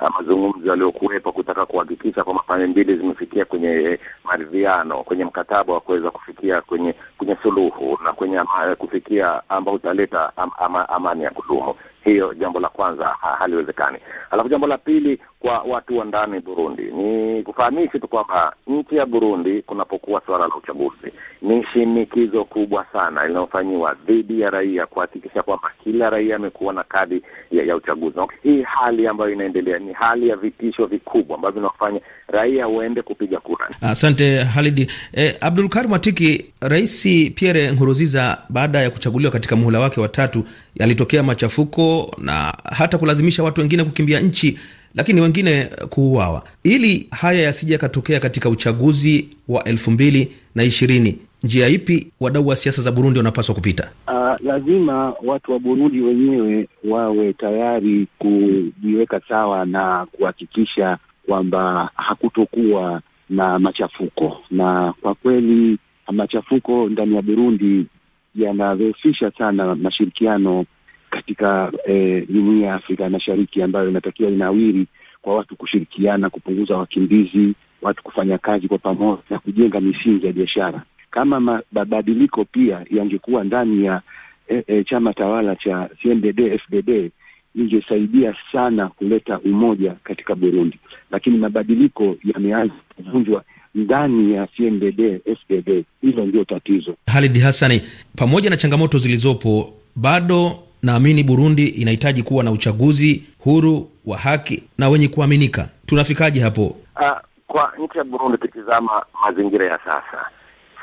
ah, mazungumzo yaliyokuwepo kutaka kuhakikisha kwamba pande mbili zimefikia kwenye eh, maridhiano, kwenye mkataba wa kuweza kufikia kwenye kwenye suluhu na kwenye ama, kufikia ambao utaleta am, ama, amani ya kudumu. Hiyo jambo la kwanza haliwezekani. Alafu jambo la pili, kwa watu wa ndani Burundi, ni kufahamishi tu kwamba nchi ya Burundi kunapokuwa suala la uchaguzi, ni shinikizo kubwa sana linalofanyiwa dhidi ya raia kuhakikisha kwamba kila raia amekuwa na kadi ya, ya uchaguzi. No, hii hali ambayo inaendelea ni hali ya vitisho vikubwa ambavyo vinafanya raia waende kupiga kura. Asante Halidi. Eh, Abdulkarim Matiki, Rais Pierre Nkurunziza baada ya kuchaguliwa katika muhula wake wa tatu yalitokea machafuko na hata kulazimisha watu wengine kukimbia nchi, lakini wengine kuuawa. Ili haya yasije yakatokea katika uchaguzi wa elfu mbili na ishirini, njia ipi wadau wa siasa za Burundi wanapaswa kupita? Uh, lazima watu wa Burundi wenyewe wawe tayari kujiweka sawa na kuhakikisha kwamba hakutokuwa na machafuko, na kwa kweli machafuko ndani ya Burundi yanadhoofisha sana mashirikiano katika eh, jumuia eh, ya Afrika Mashariki ambayo inatakiwa inawiri kwa watu kushirikiana, kupunguza wakimbizi, watu kufanya kazi kwa pamoja na kujenga misingi ya biashara. Kama mabadiliko pia yangekuwa ndani ya eh, eh, chama tawala cha CNDD FDD ingesaidia sana kuleta umoja katika Burundi, lakini mabadiliko yameanza kuvunjwa ndani ya CNDD SDD. Hilo ndio tatizo. Halid Hassani, pamoja na changamoto zilizopo, bado naamini Burundi inahitaji kuwa na uchaguzi huru wa haki na wenye kuaminika. Tunafikaje hapo? Uh, kwa nchi ya Burundi tukitizama mazingira ya sasa,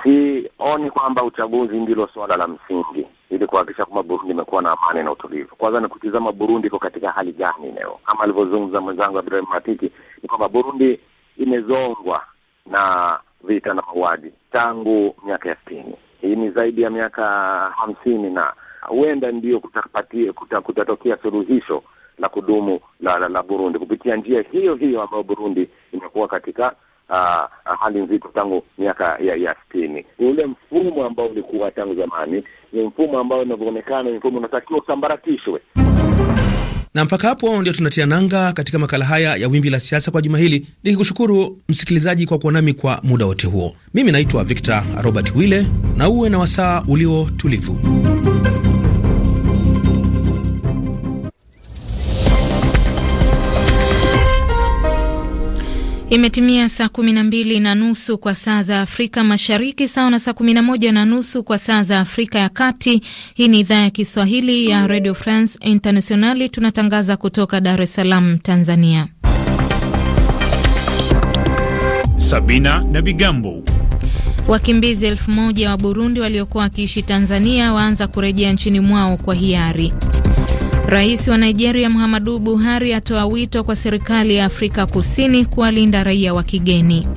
sioni kwamba uchaguzi ndilo suala la msingi ili kuhakikisha kwamba Burundi imekuwa na amani na utulivu. Kwanza ni kutizama Burundi iko katika hali gani leo, kama alivyozungumza mwenzangu Ibrahim Matiki, ni kwamba Burundi imezongwa na vita na mauaji tangu miaka ya sitini. Hii ni zaidi ya miaka hamsini na huenda ndiyo kutapatie, kuta, kutatokea suluhisho la kudumu la, la, la Burundi kupitia njia hiyo hiyo ambayo Burundi imekuwa katika uh, hali nzito tangu miaka ya, ya sitini. Ni ule mfumo ambao ulikuwa tangu zamani, ni mfumo ambao unavyoonekana, ni mfumo unatakiwa usambaratishwe. Na mpaka hapo ndio tunatia nanga katika makala haya ya Wimbi la Siasa kwa juma hili, nikikushukuru msikilizaji kwa kuwa nami kwa muda wote huo. Mimi naitwa Victor Robert Wille, na uwe na wasaa ulio tulivu. Imetimia saa kumi na mbili na nusu kwa saa za Afrika Mashariki, sawa na saa kumi na moja na nusu kwa saa za Afrika ya Kati. Hii ni idhaa ya Kiswahili ya Radio France Internationali, tunatangaza kutoka Dar es Salaam, Tanzania. Sabina na Bigambo. Wakimbizi elfu moja wa Burundi waliokuwa wakiishi Tanzania waanza kurejea nchini mwao kwa hiari. Rais wa Nigeria Muhammadu Buhari atoa wito kwa serikali ya Afrika Kusini kuwalinda raia wa kigeni.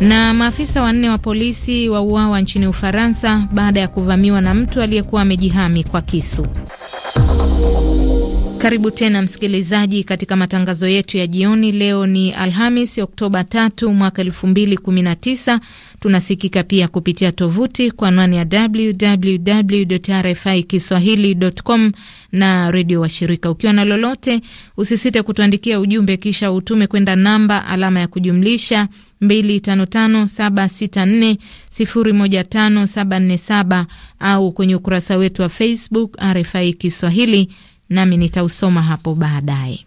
Na maafisa wanne wa polisi wauawa nchini Ufaransa baada ya kuvamiwa na mtu aliyekuwa amejihami kwa kisu. Karibu tena msikilizaji, katika matangazo yetu ya jioni. Leo ni Alhamis, Oktoba 3 mwaka 2019. Tunasikika pia kupitia tovuti kwa anwani ya www RFI kiswahili.com na redio washirika. Ukiwa na lolote, usisite kutuandikia ujumbe, kisha utume kwenda namba alama ya kujumlisha 255764015747 au kwenye ukurasa wetu wa Facebook RFI Kiswahili nami nitausoma hapo baadaye.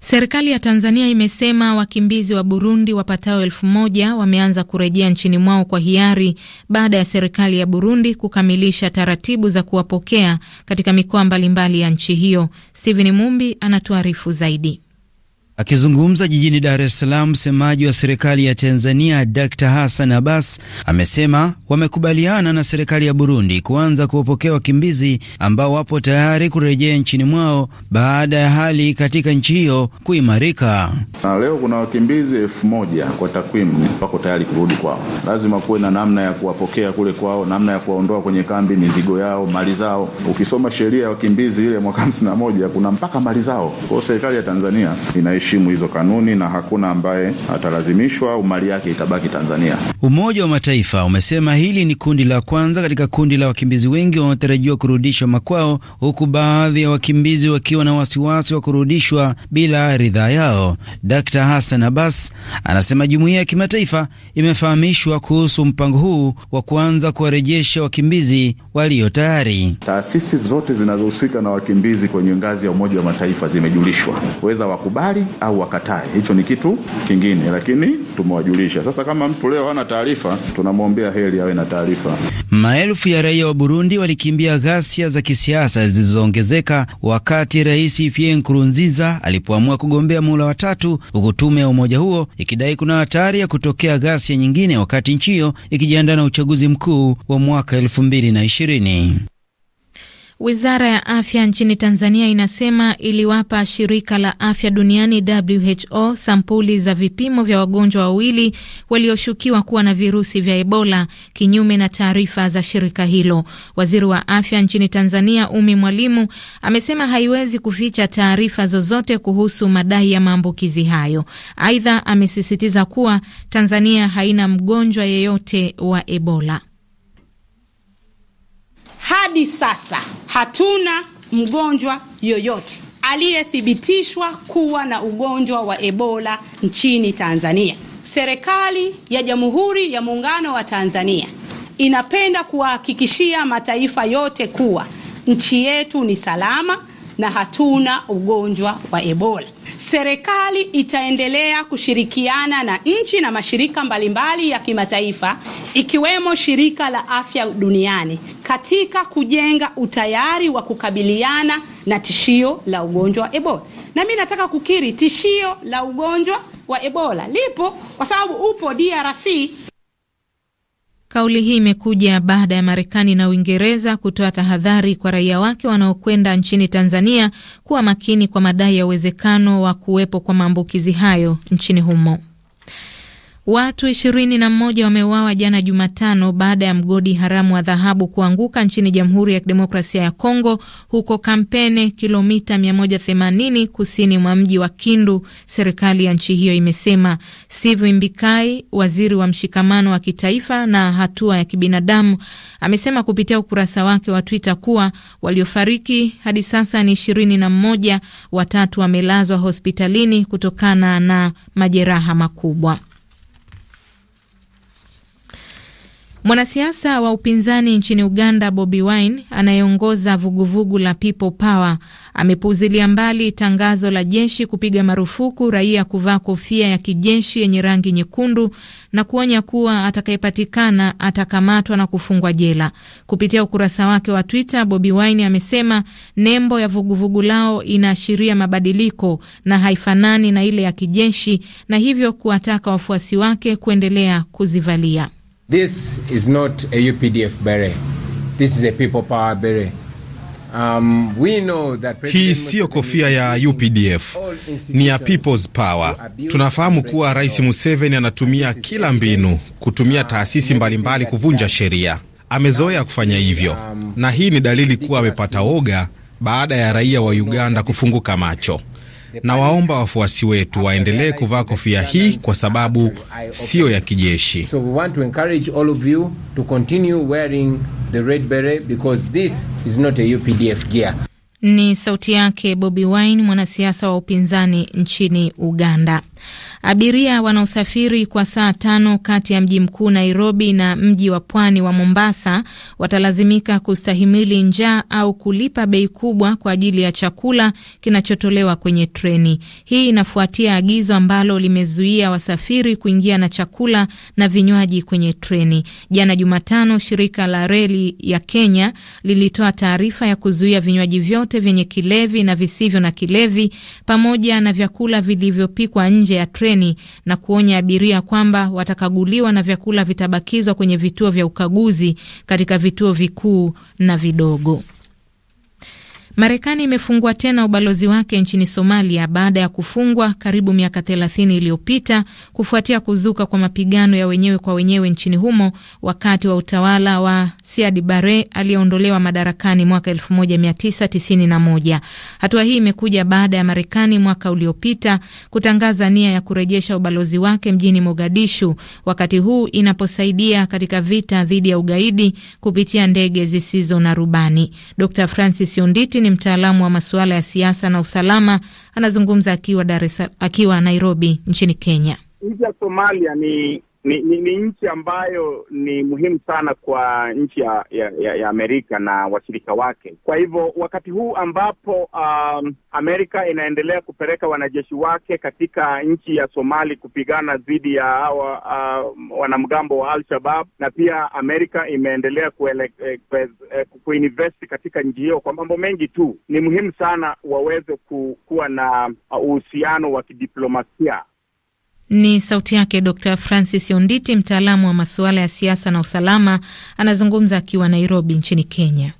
Serikali ya Tanzania imesema wakimbizi wa Burundi wapatao elfu moja wameanza kurejea nchini mwao kwa hiari baada ya serikali ya Burundi kukamilisha taratibu za kuwapokea katika mikoa mbalimbali ya nchi hiyo. stehen Mumbi anatuarifu zaidi. Akizungumza jijini Dar es Salaam, msemaji wa serikali ya Tanzania Dr Hassan Abbas amesema wamekubaliana na serikali ya Burundi kuanza kuwapokea wakimbizi ambao wapo tayari kurejea nchini mwao baada ya hali katika nchi hiyo kuimarika. Na leo kuna wakimbizi elfu moja kwa takwimu wako tayari kurudi kwao. Lazima kuwe na namna ya kuwapokea kule kwao, namna ya kuwaondoa kwenye kambi, mizigo yao, mali zao. Ukisoma sheria ya wakimbizi ile mwaka hamsini na moja kuna mpaka mali zao kwao. Serikali ya Tanzania ina kuheshimu hizo kanuni na hakuna ambaye atalazimishwa au mali yake itabaki Tanzania. Umoja wa Mataifa umesema hili ni kundi la kwanza katika kundi la wakimbizi wengi wanaotarajiwa kurudishwa makwao, huku baadhi ya wakimbizi wakiwa na wasiwasi wa kurudishwa bila ridhaa yao. Dkt Hassan Abbas anasema jumuiya ya kimataifa imefahamishwa kuhusu mpango huu wa kuanza kuwarejesha wakimbizi walio tayari. Taasisi zote zinazohusika na wakimbizi kwenye ngazi ya Umoja wa Mataifa zimejulishwa, weza wakubali au wakatae, hicho ni kitu kingine, lakini tumewajulisha. Sasa kama mtu leo hana taarifa, tunamwombea heri awe na taarifa. Maelfu ya raia wa Burundi walikimbia ghasia za kisiasa zilizoongezeka wakati Rais Pierre Nkurunziza alipoamua kugombea muhula wa tatu, huku tume ya umoja huo ikidai kuna hatari ya kutokea ghasia nyingine wakati nchi hiyo ikijiandaa na uchaguzi mkuu wa mwaka elfu mbili na ishirini. Wizara ya afya nchini Tanzania inasema iliwapa shirika la afya duniani WHO sampuli za vipimo vya wagonjwa wawili walioshukiwa kuwa na virusi vya Ebola, kinyume na taarifa za shirika hilo. Waziri wa afya nchini Tanzania Umi Mwalimu amesema haiwezi kuficha taarifa zozote kuhusu madai ya maambukizi hayo. Aidha, amesisitiza kuwa Tanzania haina mgonjwa yeyote wa Ebola hadi sasa hatuna mgonjwa yoyote aliyethibitishwa kuwa na ugonjwa wa Ebola nchini Tanzania. Serikali ya Jamhuri ya Muungano wa Tanzania inapenda kuwahakikishia mataifa yote kuwa nchi yetu ni salama na hatuna ugonjwa wa Ebola. Serikali itaendelea kushirikiana na nchi na mashirika mbalimbali ya kimataifa ikiwemo shirika la afya duniani katika kujenga utayari wa kukabiliana na tishio la ugonjwa wa Ebola. Na mimi nataka kukiri tishio la ugonjwa wa Ebola lipo kwa sababu upo DRC. Kauli hii imekuja baada ya Marekani na Uingereza kutoa tahadhari kwa raia wake wanaokwenda nchini Tanzania kuwa makini kwa madai ya uwezekano wa kuwepo kwa maambukizi hayo nchini humo. Watu mmoja wameuawa jana Jumatano baada ya mgodi haramu wa dhahabu kuanguka nchini Jamhuri ya Kidemokrasia ya Kongo, huko Kampene, kilomita 180 kusini mwa mji wa Kindu, serikali ya nchi hiyo imesema. Steve Mbikai, waziri wa mshikamano wa kitaifa na hatua ya kibinadamu, amesema kupitia ukurasa wake wa Twitter kuwa waliofariki hadi sasa ni 21, watatu wamelazwa hospitalini kutokana na majeraha makubwa. Mwanasiasa wa upinzani nchini Uganda Bobi Wine anayeongoza vuguvugu la People Power amepuuzilia mbali tangazo la jeshi kupiga marufuku raia kuvaa kofia ya kijeshi yenye rangi nyekundu na kuonya kuwa atakayepatikana atakamatwa na kufungwa jela. Kupitia ukurasa wake wa Twitter, Bobi Wine amesema nembo ya vuguvugu lao inaashiria mabadiliko na haifanani na ile ya kijeshi, na hivyo kuwataka wafuasi wake kuendelea kuzivalia. This is not a UPDF bere. This is a people power bere. Um, we know that hii siyo kofia ya UPDF, ni ya people's power. Tunafahamu kuwa Rais Museveni anatumia kila mbinu kutumia taasisi mbalimbali kuvunja sheria. Amezoea kufanya hivyo, um, na hii ni dalili kuwa amepata woga baada ya raia wa Uganda kufunguka macho. Nawaomba wafuasi wetu waendelee kuvaa kofia hii kwa sababu siyo ya kijeshi. So we want to encourage all of you to continue wearing the red beret because this is not a UPDF gear. Ni sauti yake Bobi Wine, mwanasiasa wa upinzani nchini Uganda. Abiria wanaosafiri kwa saa tano kati ya mji mkuu Nairobi na mji wa pwani wa Mombasa watalazimika kustahimili njaa au kulipa bei kubwa kwa ajili ya chakula kinachotolewa kwenye treni. Hii inafuatia agizo ambalo limezuia wasafiri kuingia na chakula na vinywaji kwenye treni. Jana Jumatano, shirika la reli ya Kenya lilitoa taarifa ya kuzuia vinywaji vyote vyenye kilevi na visivyo na kilevi pamoja na vyakula vilivyopikwa nje nje ya treni na kuonya abiria kwamba watakaguliwa na vyakula vitabakizwa kwenye vituo vya ukaguzi katika vituo vikuu na vidogo. Marekani imefungua tena ubalozi wake nchini Somalia baada ya kufungwa karibu miaka 30 iliyopita kufuatia kuzuka kwa mapigano ya wenyewe kwa wenyewe nchini humo wakati wa utawala wa Siad Barre aliyeondolewa madarakani mwaka 1991. Hatua hii imekuja baada ya Marekani mwaka uliopita kutangaza nia ya kurejesha ubalozi wake mjini Mogadishu, wakati huu inaposaidia katika vita dhidi ya ugaidi kupitia ndege zisizo na rubani. Dr Francis Onditi ni mtaalamu wa masuala ya siasa na usalama, anazungumza akiwa Dar es Salaam, akiwa Nairobi nchini Kenya. Nchi ya Somalia ni ni, ni, ni nchi ambayo ni muhimu sana kwa nchi ya, ya, ya Amerika na washirika wake. Kwa hivyo wakati huu ambapo um, Amerika inaendelea kupeleka wanajeshi wake katika nchi ya Somali kupigana dhidi ya hawa uh, wanamgambo wa al shabab na pia Amerika imeendelea eh, eh, kuinvesti katika nchi hiyo kwa mambo mengi tu, ni muhimu sana waweze kuwa na uh, uhusiano wa kidiplomasia ni sauti yake Dr Francis Onditi, mtaalamu wa masuala ya siasa na usalama, anazungumza akiwa Nairobi nchini Kenya.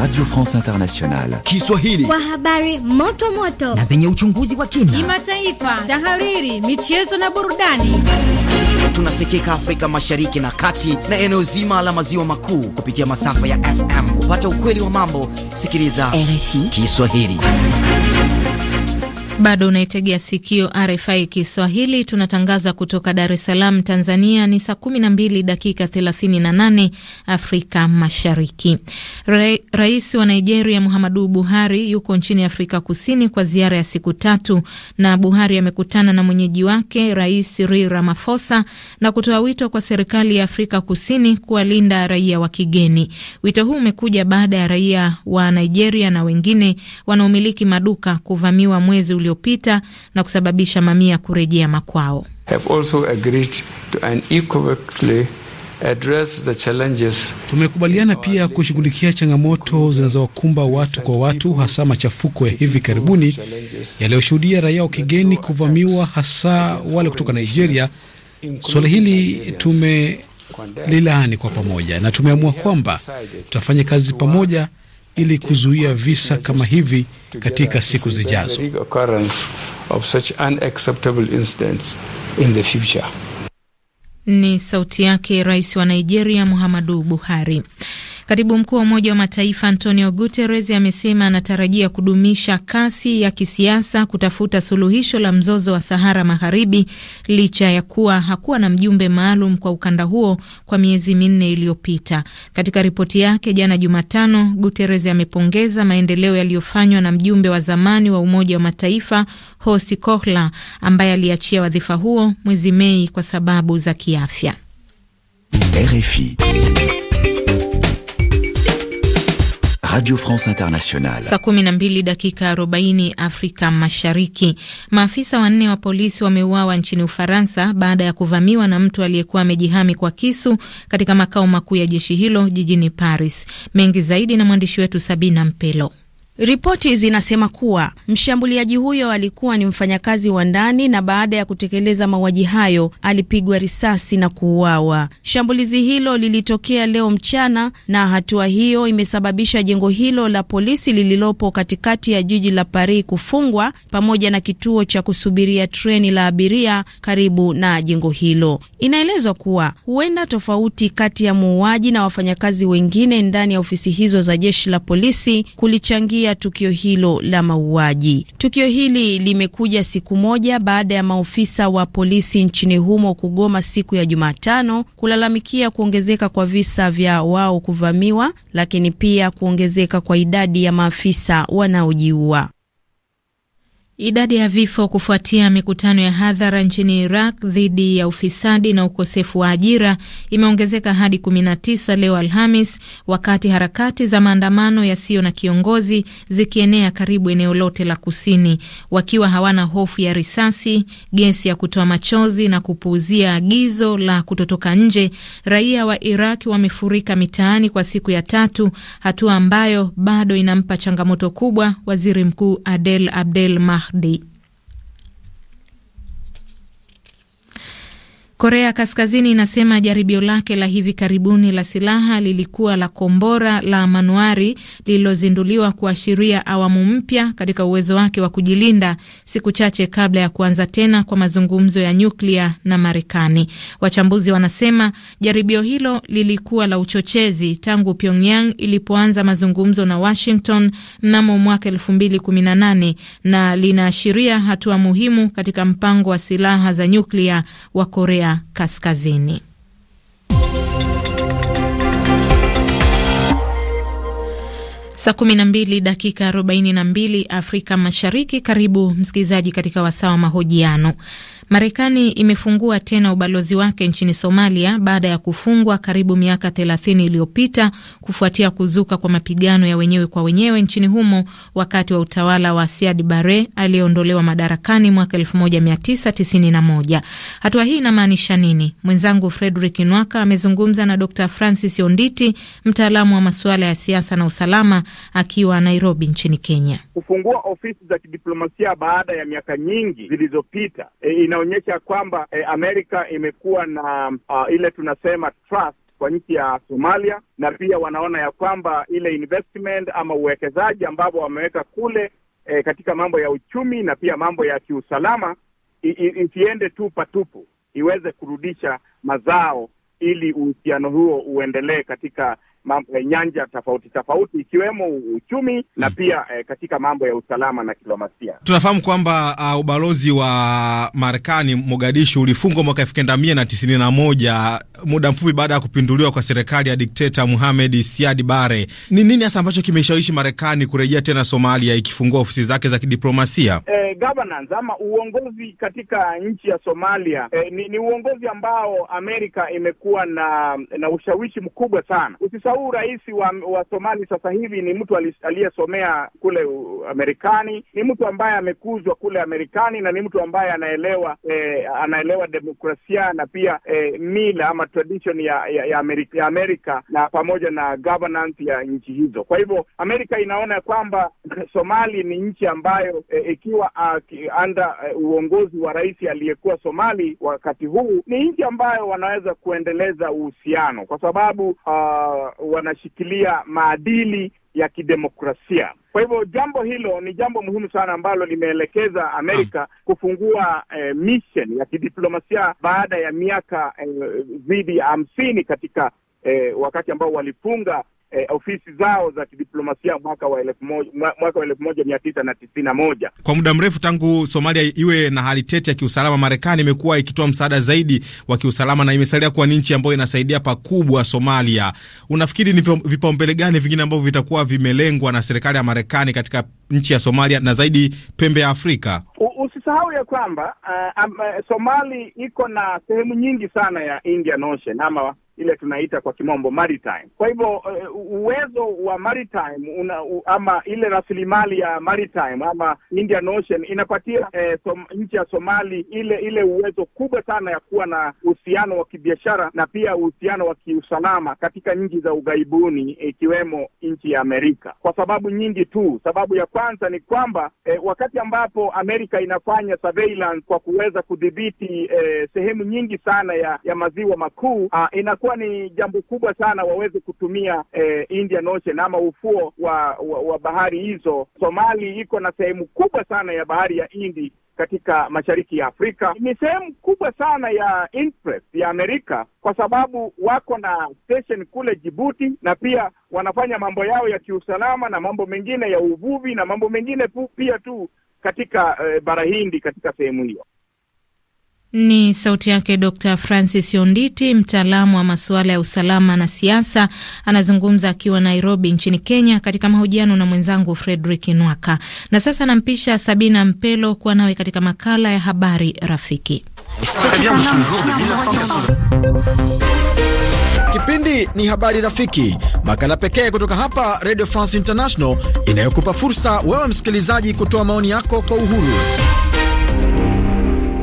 Radio France Internationale Kiswahili, kwa habari moto moto na zenye uchunguzi wa kina, kimataifa, tahariri, michezo na burudani. Tunasikika Afrika Mashariki na Kati na eneo zima la maziwa makuu kupitia masafa ya FM. Kupata ukweli wa mambo, sikiliza RFI Kiswahili. Bado unaitegea sikio RFI Kiswahili, tunatangaza kutoka Dar es Salaam, Tanzania. Ni saa 12 dakika 38 Afrika Mashariki. Rais wa Nigeria Muhammadu Buhari yuko nchini Afrika Kusini kwa ziara ya siku tatu, na Buhari amekutana na mwenyeji wake Rais Cyril Ramaphosa na kutoa wito kwa serikali ya Afrika Kusini kuwalinda raia wa kigeni. Wito huu umekuja baada ya raia wa Nigeria na wengine wanaomiliki maduka kuvamiwa mwezi ulio uliopita na kusababisha mamia kurejea makwao. Tumekubaliana pia kushughulikia changamoto zinazowakumba watu kwa watu, hasa machafuko ya hivi karibuni yaliyoshuhudia raia wa kigeni kuvamiwa, hasa wale kutoka Nigeria. Suala hili tumelilaani kwa pamoja na tumeamua kwamba tutafanya kazi pamoja ili kuzuia visa kama hivi katika siku zijazo. Ni sauti yake Rais wa Nigeria Muhammadu Buhari. Katibu mkuu wa Umoja wa Mataifa Antonio Guterres amesema anatarajia kudumisha kasi ya kisiasa kutafuta suluhisho la mzozo wa Sahara Magharibi licha ya kuwa hakuwa na mjumbe maalum kwa ukanda huo kwa miezi minne iliyopita. Katika ripoti yake jana Jumatano, Guterres amepongeza maendeleo yaliyofanywa na mjumbe wa zamani wa Umoja wa Mataifa Horst Kohler ambaye aliachia wadhifa huo mwezi Mei kwa sababu za kiafya. RFI. Radio France Internationale. Saa mbili dakika arobaini Afrika Mashariki. Maafisa wanne wa polisi wameuawa nchini Ufaransa baada ya kuvamiwa na mtu aliyekuwa amejihami kwa kisu katika makao makuu ya jeshi hilo jijini Paris. Mengi zaidi na mwandishi wetu Sabina Mpelo. Ripoti zinasema kuwa mshambuliaji huyo alikuwa ni mfanyakazi wa ndani na baada ya kutekeleza mauaji hayo alipigwa risasi na kuuawa. Shambulizi hilo lilitokea leo mchana na hatua hiyo imesababisha jengo hilo la polisi lililopo katikati ya jiji la Paris kufungwa pamoja na kituo cha kusubiria treni la abiria karibu na jengo hilo. Inaelezwa kuwa huenda tofauti kati ya muuaji na wafanyakazi wengine ndani ya ofisi hizo za jeshi la polisi kulichangia tukio hilo la mauaji. Tukio hili limekuja siku moja baada ya maofisa wa polisi nchini humo kugoma siku ya Jumatano kulalamikia kuongezeka kwa visa vya wao kuvamiwa, lakini pia kuongezeka kwa idadi ya maafisa wanaojiua. Idadi ya vifo kufuatia mikutano ya hadhara nchini Iraq dhidi ya ufisadi na ukosefu wa ajira imeongezeka hadi 19 leo Alhamis, wakati harakati za maandamano yasiyo na kiongozi zikienea karibu eneo lote la kusini, wakiwa hawana hofu ya risasi, gesi ya kutoa machozi na kupuuzia agizo la kutotoka nje. Raia wa Iraq wamefurika mitaani kwa siku ya tatu, hatua ambayo bado inampa changamoto kubwa waziri mkuu Adel Abdel Mahdi. đi Korea Kaskazini inasema jaribio lake la hivi karibuni la silaha lilikuwa la kombora la manuari lililozinduliwa kuashiria awamu mpya katika uwezo wake wa kujilinda, siku chache kabla ya kuanza tena kwa mazungumzo ya nyuklia na Marekani. Wachambuzi wanasema jaribio hilo lilikuwa la uchochezi tangu Pyongyang ilipoanza mazungumzo na Washington mnamo mwaka 2018 na linaashiria hatua muhimu katika mpango wa silaha za nyuklia wa Korea Kaskazini. Saa kumi na mbili dakika arobaini na mbili Afrika Mashariki. Karibu msikilizaji katika wasaa wa mahojiano. Marekani imefungua tena ubalozi wake nchini Somalia baada ya kufungwa karibu miaka 30 iliyopita kufuatia kuzuka kwa mapigano ya wenyewe kwa wenyewe nchini humo wakati wa utawala wa Siad Barre aliyeondolewa madarakani mwaka 1991. Hatua hii inamaanisha nini? Mwenzangu fredrick Nwaka amezungumza na Dr Francis Onditi, mtaalamu wa masuala ya siasa na usalama, akiwa Nairobi nchini Kenya. Kufungua ofisi za kidiplomasia baada ya miaka nyingi zilizopita e, ina inaonyesha kwamba e, Amerika imekuwa na uh, ile tunasema trust kwa nchi ya Somalia na pia wanaona ya kwamba ile investment ama uwekezaji ambao wameweka kule e, katika mambo ya uchumi na pia mambo ya kiusalama isiende tu patupu, iweze kurudisha mazao ili uhusiano huo uendelee katika mambo ya nyanja tofauti tofauti ikiwemo uchumi na mm. pia eh, katika mambo ya usalama na diplomasia. Tunafahamu kwamba uh, ubalozi wa Marekani Mogadishu ulifungwa mwaka elfu kenda mia na tisini na moja muda mfupi baada ya kupinduliwa kwa serikali ya dikteta Muhamed Siad Bare. Ni nini hasa ambacho kimeshawishi Marekani kurejea tena Somalia ikifungua ofisi zake za kidiplomasia? Eh, governance ama uongozi katika nchi ya Somalia eh, ni, ni uongozi ambao Amerika imekuwa na na ushawishi mkubwa sana Usisa hata huu rais wa, wa Somali sasa hivi ni mtu aliyesomea kule Amerikani, ni mtu ambaye amekuzwa kule Amerikani na ni mtu ambaye anaelewa eh, anaelewa demokrasia na pia eh, mila ama tradition ya, ya, ya, Amerika, ya Amerika na pamoja na governance ya nchi hizo. Kwa hivyo Amerika inaona kwamba Somali ni nchi ambayo eh, ikiwa uh, under uh, uongozi wa rais aliyekuwa Somali wakati huu ni nchi ambayo wanaweza kuendeleza uhusiano kwa sababu uh, wanashikilia maadili ya kidemokrasia. Kwa hivyo jambo hilo ni jambo muhimu sana ambalo limeelekeza Amerika kufungua eh, mission ya kidiplomasia baada ya miaka eh, ya hamsini katika eh, wakati ambao walifunga eh, ofisi zao za kidiplomasia mwaka wa elfu moja mwaka wa elfu moja mia tisa na tisini na moja. Kwa muda mrefu tangu Somalia iwe na hali tete ya kiusalama, Marekani imekuwa ikitoa msaada zaidi wa kiusalama na imesalia kuwa ni nchi ambayo inasaidia pakubwa Somalia. Unafikiri ni vipaumbele gani vingine ambavyo vitakuwa vimelengwa na serikali ya Marekani katika nchi ya Somalia na zaidi pembe ya Afrika? Usisahau ya kwamba uh, um, Somali iko na sehemu nyingi sana ya Indian Ocean ama ile tunaita kwa kimombo maritime. Kwa hivyo uh, uwezo wa maritime una, u, ama ile rasilimali ya maritime ama Indian Ocean inapatia uh, som, nchi ya Somali ile ile uwezo kubwa sana ya kuwa na uhusiano wa kibiashara na pia uhusiano wa kiusalama katika nchi za ughaibuni ikiwemo nchi ya Amerika kwa sababu nyingi tu. Sababu ya kwanza ni kwamba eh, wakati ambapo Amerika inafanya surveillance kwa kuweza kudhibiti eh, sehemu nyingi sana ya, ya maziwa makuu ah, ina itakuwa ni jambo kubwa sana waweze kutumia eh, Indian Ocean ama ufuo wa, wa, wa bahari hizo. Somali iko na sehemu kubwa sana ya bahari ya Hindi katika mashariki ya Afrika ni sehemu kubwa sana ya interest ya Amerika kwa sababu wako na station kule Jibuti, na pia wanafanya mambo yao ya kiusalama na mambo mengine ya uvuvi na mambo mengine pia tu katika eh, bara Hindi katika sehemu hiyo. Ni sauti yake Dr Francis Onditi, mtaalamu wa masuala ya usalama na siasa, anazungumza akiwa Nairobi nchini Kenya, katika mahojiano na mwenzangu Fredrik Nwaka. Na sasa nampisha Sabina Mpelo kuwa nawe katika makala ya habari rafiki. Kipindi ni habari rafiki, makala pekee kutoka hapa Radio France International inayokupa fursa wewe msikilizaji kutoa maoni yako kwa uhuru.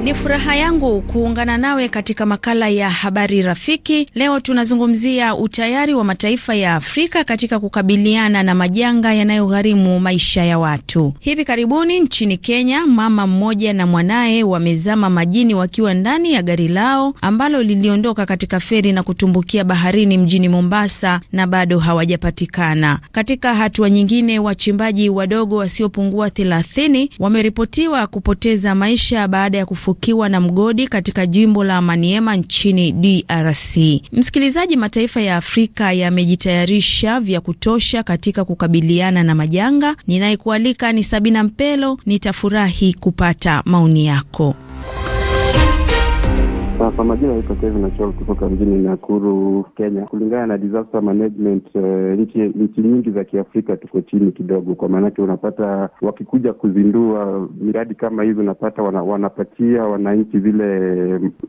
Ni furaha yangu kuungana nawe katika makala ya habari rafiki. Leo tunazungumzia utayari wa mataifa ya Afrika katika kukabiliana na majanga yanayogharimu maisha ya watu. Hivi karibuni nchini Kenya, mama mmoja na mwanaye wamezama majini wakiwa ndani ya gari lao ambalo liliondoka katika feri na kutumbukia baharini mjini Mombasa na bado hawajapatikana. Katika hatua nyingine, wachimbaji wadogo wasiopungua thelathini wameripotiwa kupoteza maisha baada ya kufu kufukiwa na mgodi katika jimbo la Maniema nchini DRC. Msikilizaji, mataifa ya Afrika yamejitayarisha vya kutosha katika kukabiliana na majanga. Ninayekualika ni Sabina Mpelo, nitafurahi kupata maoni yako. Kwa majina naitwa Kevin Achol, kutoka mjini Nakuru, Kenya. Kulingana na disaster management, eh, nchi nyingi za Kiafrika tuko chini kidogo, kwa maanake unapata wakikuja kuzindua miradi kama hizi unapata wana, wanapatia wananchi zile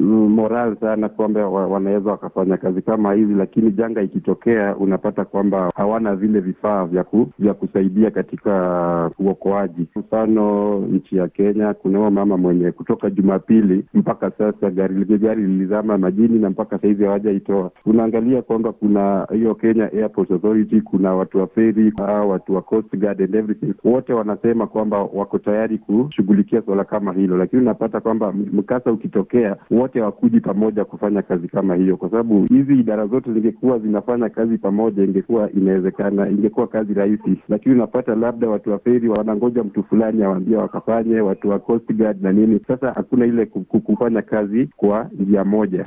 mm, moral sana kwamba wanaweza wakafanya kazi kama hizi, lakini janga ikitokea unapata kwamba hawana vile vifaa vya ku, vya kusaidia katika uokoaji. Mfano nchi ya Kenya kuna mama mwenye kutoka Jumapili mpaka sasa gari gari lilizama majini na mpaka sahizi hawajaitoa. Unaangalia kwamba kuna hiyo Kenya Authority, kuna watu wa feri, watu wa Coast Guard and everything, wote wanasema kwamba wako tayari kushughulikia suala kama hilo, lakini unapata kwamba mkasa ukitokea wote hawakuji pamoja kufanya kazi kama hiyo, kwa sababu hizi idara zote zingekuwa zinafanya kazi pamoja, ingekuwa inawezekana, ingekuwa kazi rahisi, lakini unapata labda watu wa feri wanangoja mtu fulani awaambia wakafanye, watu wa Coast Guard na nini. Sasa hakuna ile kufanya kazi kwa ya moja.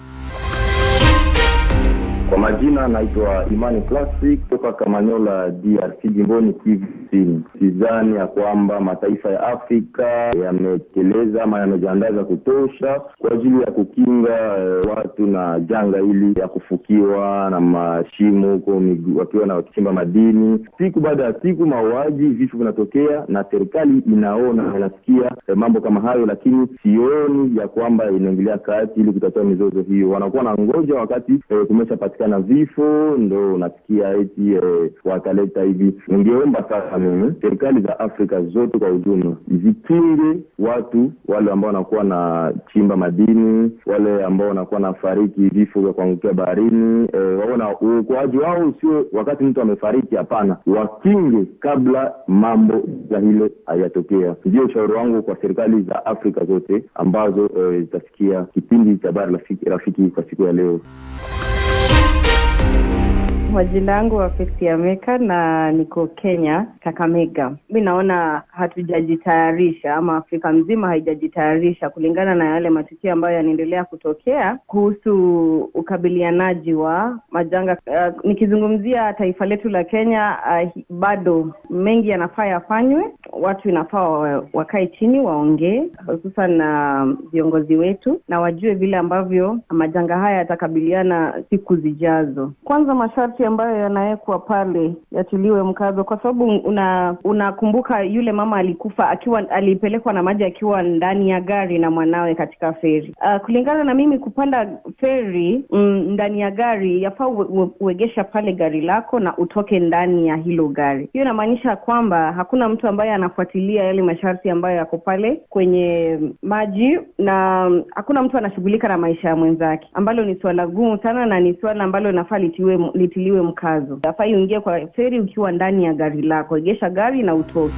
Kwa majina anaitwa Imani Classic kutoka Kamanyola, DRC, jimboni Kivu Kusini. Sidhani ya kwamba mataifa ya Afrika yametekeleza ama yamejiandaa kutosha kwa ajili ya kukinga eh, watu na janga hili ya kufukiwa na mashimo huko wakiwa na wakichimba madini. Siku baada ya siku mauaji, vifo vinatokea na serikali inaona na inasikia eh, mambo kama hayo, lakini sioni ya kwamba inaingilia kati ili kutatua mizozo hiyo. Wanakuwa na ngoja wakati eh, kumeshapatikana na vifo, ndo unasikia eti eh, wataleta hivi. Ningeomba sasa mimi serikali za Afrika zote kwa ujumla zikinge watu wale ambao wanakuwa na chimba madini, wale ambao wanakuwa na fariki vifo vya kuangukia baharini. Eh, waona uokoaji wao sio wakati mtu amefariki, hapana, wakinge kabla mambo za hilo hayatokea. Ndio ushauri wangu kwa serikali za Afrika zote ambazo eh, zitasikia eh, kipindi cha Habari Rafiki kwa siku ya leo. you've been Majina yangu Wafesi Ameka na niko Kenya, Kakamega. Mi naona hatujajitayarisha ama Afrika mzima haijajitayarisha kulingana na yale matukio ambayo yanaendelea kutokea kuhusu ukabilianaji wa majanga. Uh, nikizungumzia taifa letu la Kenya, uh, bado mengi yanafaa yafanywe. Watu inafaa wakae chini waongee, hususan na viongozi wetu, na wajue vile ambavyo majanga haya yatakabiliana siku zijazo. Kwanza masharti yote ambayo yanawekwa pale yatiliwe mkazo, kwa sababu una unakumbuka yule mama alikufa akiwa alipelekwa na maji akiwa ndani ya gari na mwanawe katika feri. Uh, kulingana na mimi kupanda feri mm, ndani ya gari yafaa uegesha pale gari lako na utoke ndani ya hilo gari. Hiyo inamaanisha kwamba hakuna mtu ambaye anafuatilia yale masharti ambayo yako pale kwenye maji na mm, hakuna mtu anashughulika na maisha ya mwenzake, ambalo ni suala gumu sana na ni suala ambalo inafaa litiliwe iwe mkazo. Yafai uingie kwa feri ukiwa ndani ya gari lako. Egesha gari na utoke.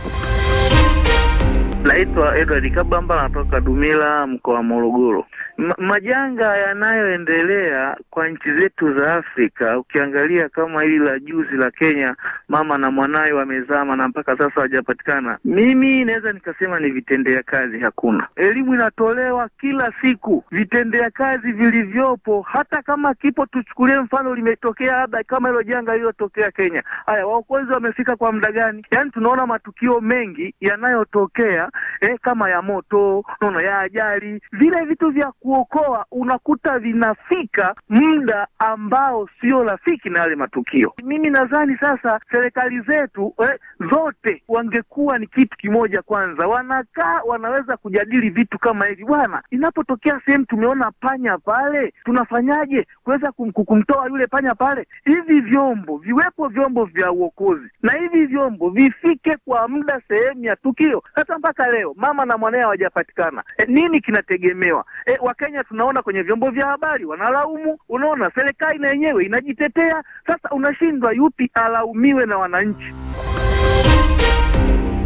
Naitwa Edward Kabamba, natoka Dumila, mkoa wa Morogoro. Ma majanga yanayoendelea kwa nchi zetu za Afrika, ukiangalia kama hili la juzi la Kenya, mama na mwanaye wamezama na mpaka sasa hawajapatikana, mimi naweza nikasema ni vitendea kazi. Hakuna elimu inatolewa kila siku, vitendea kazi vilivyopo, hata kama kipo, tuchukulie mfano limetokea labda kama hilo janga lililotokea Kenya, haya waokozi wamefika kwa muda gani? Yaani tunaona matukio mengi yanayotokea eh, kama ya moto nono ya ajali, vile vitu vya kuokoa unakuta vinafika muda ambao sio rafiki na yale matukio. Mimi nadhani sasa serikali zetu eh, zote wangekuwa ni kitu kimoja kwanza, wanakaa wanaweza kujadili vitu kama hivi, bwana, inapotokea sehemu tumeona panya pale, tunafanyaje kuweza kum, kumtoa yule panya pale? Hivi vyombo viwepo, vyombo vya uokozi na hivi vyombo vifike kwa muda sehemu ya tukio. Sasa mpaka leo mama na mwanae hawajapatikana. E, nini kinategemewa? E, Wakenya tunaona kwenye vyombo vya habari wanalaumu, unaona serikali na yenyewe inajitetea. Sasa unashindwa yupi alaumiwe na wananchi?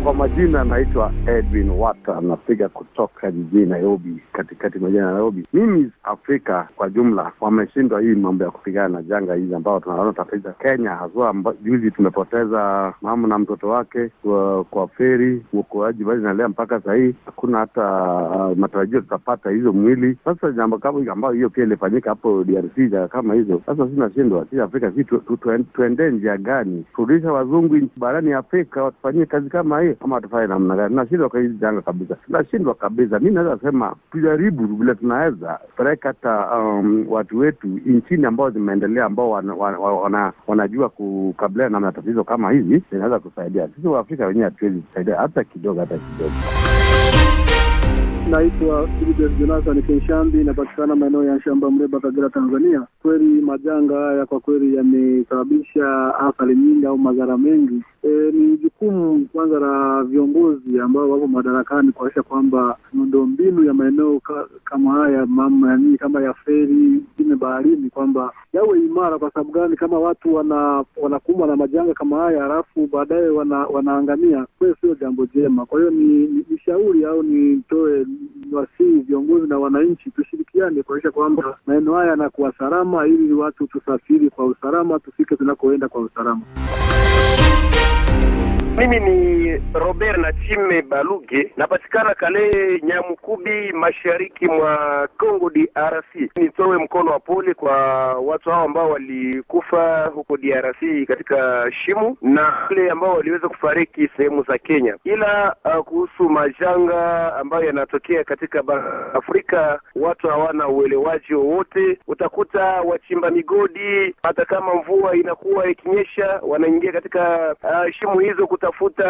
Kwa majina anaitwa Edwin Wata, anapiga kutoka jijini Nairobi, katikati majina ya Nairobi. Mimi Afrika kwa jumla wameshindwa hii mambo ya kupigana na janga hizi ambao tunaona tatiza Kenya haswa. Juzi tumepoteza mama na mtoto wake kwa, kwa feri. Uokoaji bado inaendelea mpaka sahii hakuna hata uh, matarajio tutapata hizo mwili. Sasa jambo kama ambayo hiyo pia ilifanyika hapo DRC kama hizo, sasa sinashindwa si Afrika si tuendee tu, tu, tu, njia gani? Turudisha wazungu barani Afrika watufanyie kazi kama hii tuangalie eh, kama tufanye namna gani. Nashindwa kwa hizi janga kabisa, nashindwa kabisa. Mi naweza sema tujaribu vile tunaweza peleka hata um, watu wetu nchini ambao zimeendelea ambao wan, wan, wan, wana, wanajua kukabiliana na matatizo kama hizi, inaweza kusaidia sisi. Waafrika wenyewe hatuwezi kusaidia hata kidogo, hata kidogo. Naitwa Julius Jonathan Kenshambi, inapatikana maeneo ya Shamba Mreba, Kagera, Tanzania. Kweli majanga haya kwa kweli yamesababisha athari nyingi au madhara mengi E, ni jukumu kwanza la viongozi ambao wako madarakani kuhakikisha kwamba miundo mbinu ya maeneo ka, kama haya mama yani kama ya feri ingine baharini kwamba yawe imara. Kwa sababu gani? Kama watu wana na majanga kama haya halafu baadaye wana, wanaangamia kweli, sio jambo jema. Kwa hiyo ni, ni, ni shauri au nitoe wasii viongozi na wananchi tushirikiane kuakisha kwamba maeneo haya yanakuwa salama, ili watu tusafiri kwa usalama, tufike tunakoenda kwa usalama. Mimi ni Robert Nachime Baluge, napatikana Kale Nyamukubi, mashariki mwa Congo DRC. Nitoe mkono wa pole kwa watu hao ambao walikufa huko DRC katika shimu na wale ambao waliweza kufariki sehemu za Kenya. Ila uh, kuhusu majanga ambayo yanatokea katika bara Afrika, watu hawana uelewaji wowote. Utakuta wachimba migodi, hata kama mvua inakuwa ikinyesha, wanaingia katika uh, shimu hizo kutafuta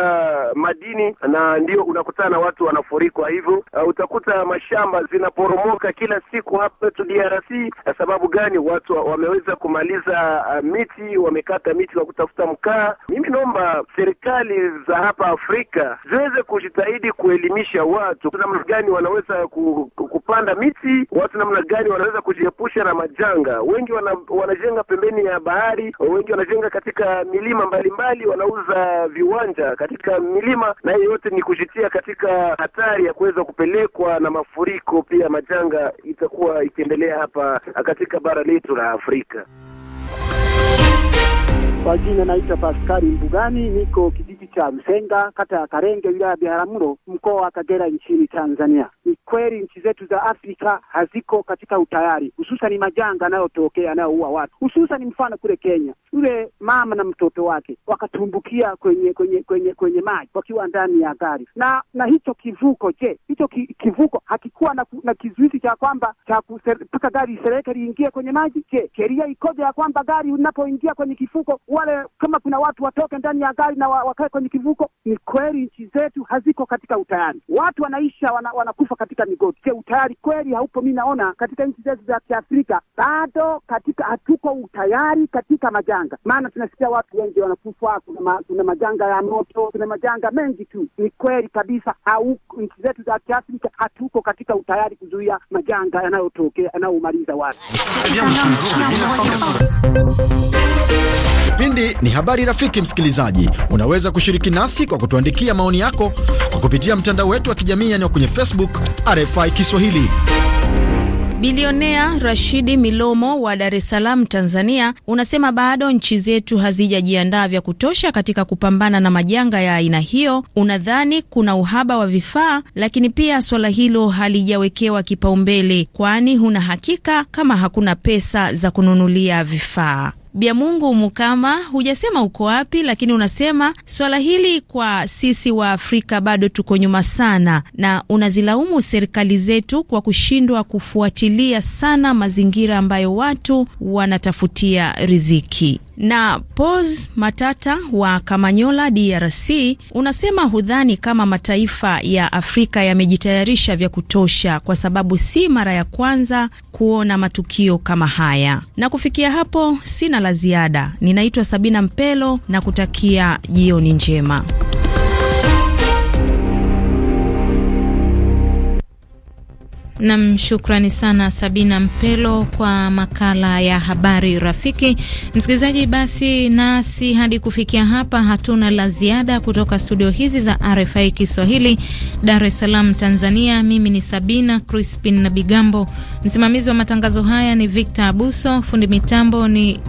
madini, na ndio unakutana watu wanafurikwa hivyo. Uh, utakuta mashamba zinaporomoka kila siku hapa kwetu DRC. Uh, sababu gani? Watu wameweza kumaliza uh, miti, wamekata miti kwa kutafuta mkaa. Mimi naomba serikali za hapa Afrika ziweze kujitahidi kuelimisha watu namna gani wanaweza ku, ku, kupanda miti, watu namna gani wanaweza kujiepusha na majanga. Wengi wana, wanajenga pembeni ya bahari, wengi wanajenga katika milima mbalimbali, wanauza viwa viwanja, katika milima, na hiyo yote ni kujitia katika hatari ya kuweza kupelekwa na mafuriko. Pia majanga itakuwa ikiendelea hapa katika bara letu la Afrika. Kwa jina naitwa Paskari Mbugani, niko kijiji cha Msenga, kata ya Karenge, wilaya ya Biharamulo, mkoa wa Kagera, nchini Tanzania ni kweli nchi zetu za Afrika haziko katika utayari, hususan majanga yanayotokea yanayoua watu, hususan mfano kule Kenya, yule mama na mtoto wake wakatumbukia kwenye kwenye kwenye kwenye maji wakiwa ndani ya gari, na na hicho kivuko, je, hicho ki, kivuko hakikuwa na, na kizuizi cha kwamba cha mpaka gari serikali liingie kwenye maji? Je, sheria ikoje ya kwamba gari unapoingia kwenye kivuko wale kama kuna watu watoke ndani ya gari na wakae kwenye kivuko? Ni kweli nchi zetu haziko katika utayari, watu wanaisha, wanakufa wana katika migodi. Je, utayari kweli haupo? Mi naona katika nchi zetu za Kiafrika bado katika hatuko utayari katika majanga, maana tunasikia watu wengi wanakufa, kuna, ma, kuna majanga ya moto, kuna majanga mengi tu. Ni kweli kabisa, au nchi zetu za Kiafrika hatuko katika utayari kuzuia majanga yanayotokea yanayomaliza watu Kipindi ni habari rafiki. Msikilizaji, unaweza kushiriki nasi kwa kutuandikia maoni yako kwa kupitia mtandao wetu wa kijamii yaani kwenye Facebook RFI Kiswahili. Bilionea Rashidi Milomo wa Dar es Salaam, Tanzania, unasema bado nchi zetu hazijajiandaa vya kutosha katika kupambana na majanga ya aina hiyo. Unadhani kuna uhaba wa vifaa, lakini pia swala hilo halijawekewa kipaumbele, kwani huna hakika kama hakuna pesa za kununulia vifaa mungu Mukama, hujasema uko wapi, lakini unasema swala hili kwa sisi wa Afrika bado tuko nyuma sana, na unazilaumu serikali zetu kwa kushindwa kufuatilia sana mazingira ambayo watu wanatafutia riziki. Na Pos Matata wa Kamanyola, DRC, unasema hudhani kama mataifa ya Afrika yamejitayarisha vya kutosha, kwa sababu si mara ya kwanza kuona matukio kama haya. Na kufikia hapo, sina la ziada. Ninaitwa Sabina Mpelo na kutakia jioni njema. Nam, shukrani sana Sabina Mpelo kwa makala ya habari rafiki. Msikilizaji, basi nasi hadi kufikia hapa, hatuna la ziada kutoka studio hizi za RFI Kiswahili, Dar es Salaam, Tanzania. Mimi ni Sabina Crispin na Bigambo, msimamizi wa matangazo haya ni Victor Abuso, fundi mitambo ni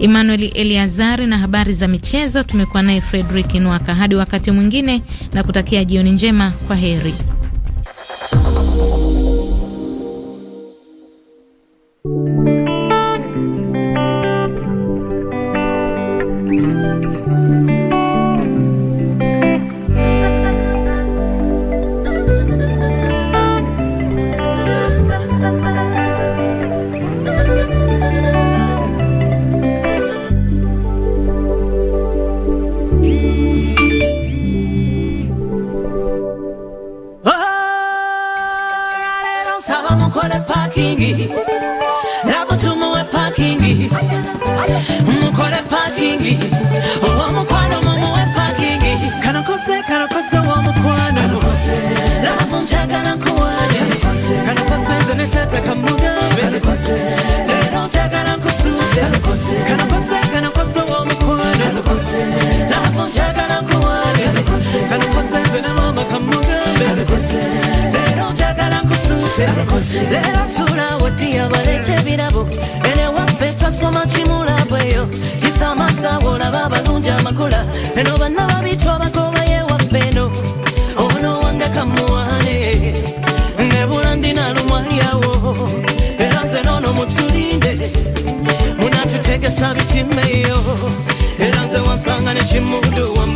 Emmanuel Eliazari, na habari za michezo tumekuwa naye Fredrik Nwaka. Hadi wakati mwingine, na kutakia jioni njema, kwa heri.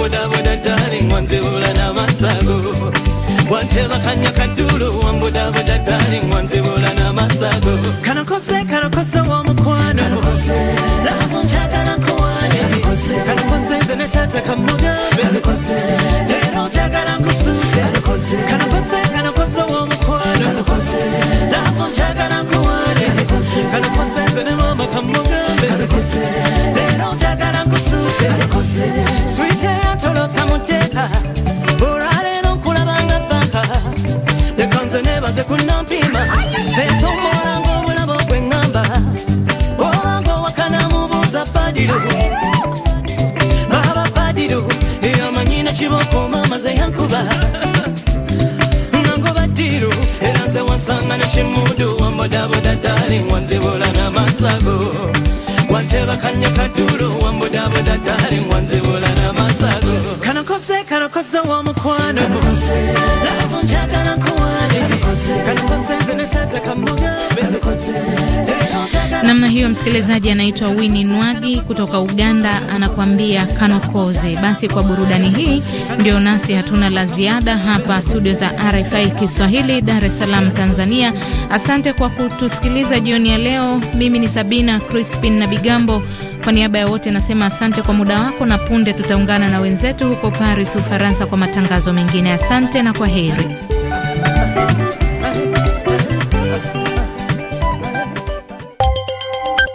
wambudaboda darling na masago. wanzibula kanya wanteebakanya kaddulu wambudaboda darling na masago. kano kose kano kose wamukwano. kose, lava laavu njagala kuwane. kano kose zene chata nekyatakamu leka olwaleero okulabanga baka lekanze nebaze kunampima esomolanga obulabo gwe ngamba olanga owakanamubuuza padiro baba padiro eyomanyina kiboko mama zeyankuba nangobadiro era nze wansanga nekimudu wamodabodadali wanzibula namasago kanya wantebakanya kadulo wambudabudadale wanzibula n'amasago kano kose kano kose w'omukwano lavu njagala nkuwane kano kose nze ne taata kamugambe namna hiyo. Msikilizaji anaitwa wini Nwagi kutoka Uganda, anakuambia kanokoze. Basi kwa burudani hii ndio nasi hatuna la ziada hapa studio za RFI Kiswahili, Dar es Salaam, Tanzania. Asante kwa kutusikiliza jioni ya leo. Mimi ni Sabina Crispin na Bigambo, kwa niaba ya wote nasema asante kwa muda wako, na punde tutaungana na wenzetu huko Paris, Ufaransa, kwa matangazo mengine. Asante na kwa heri.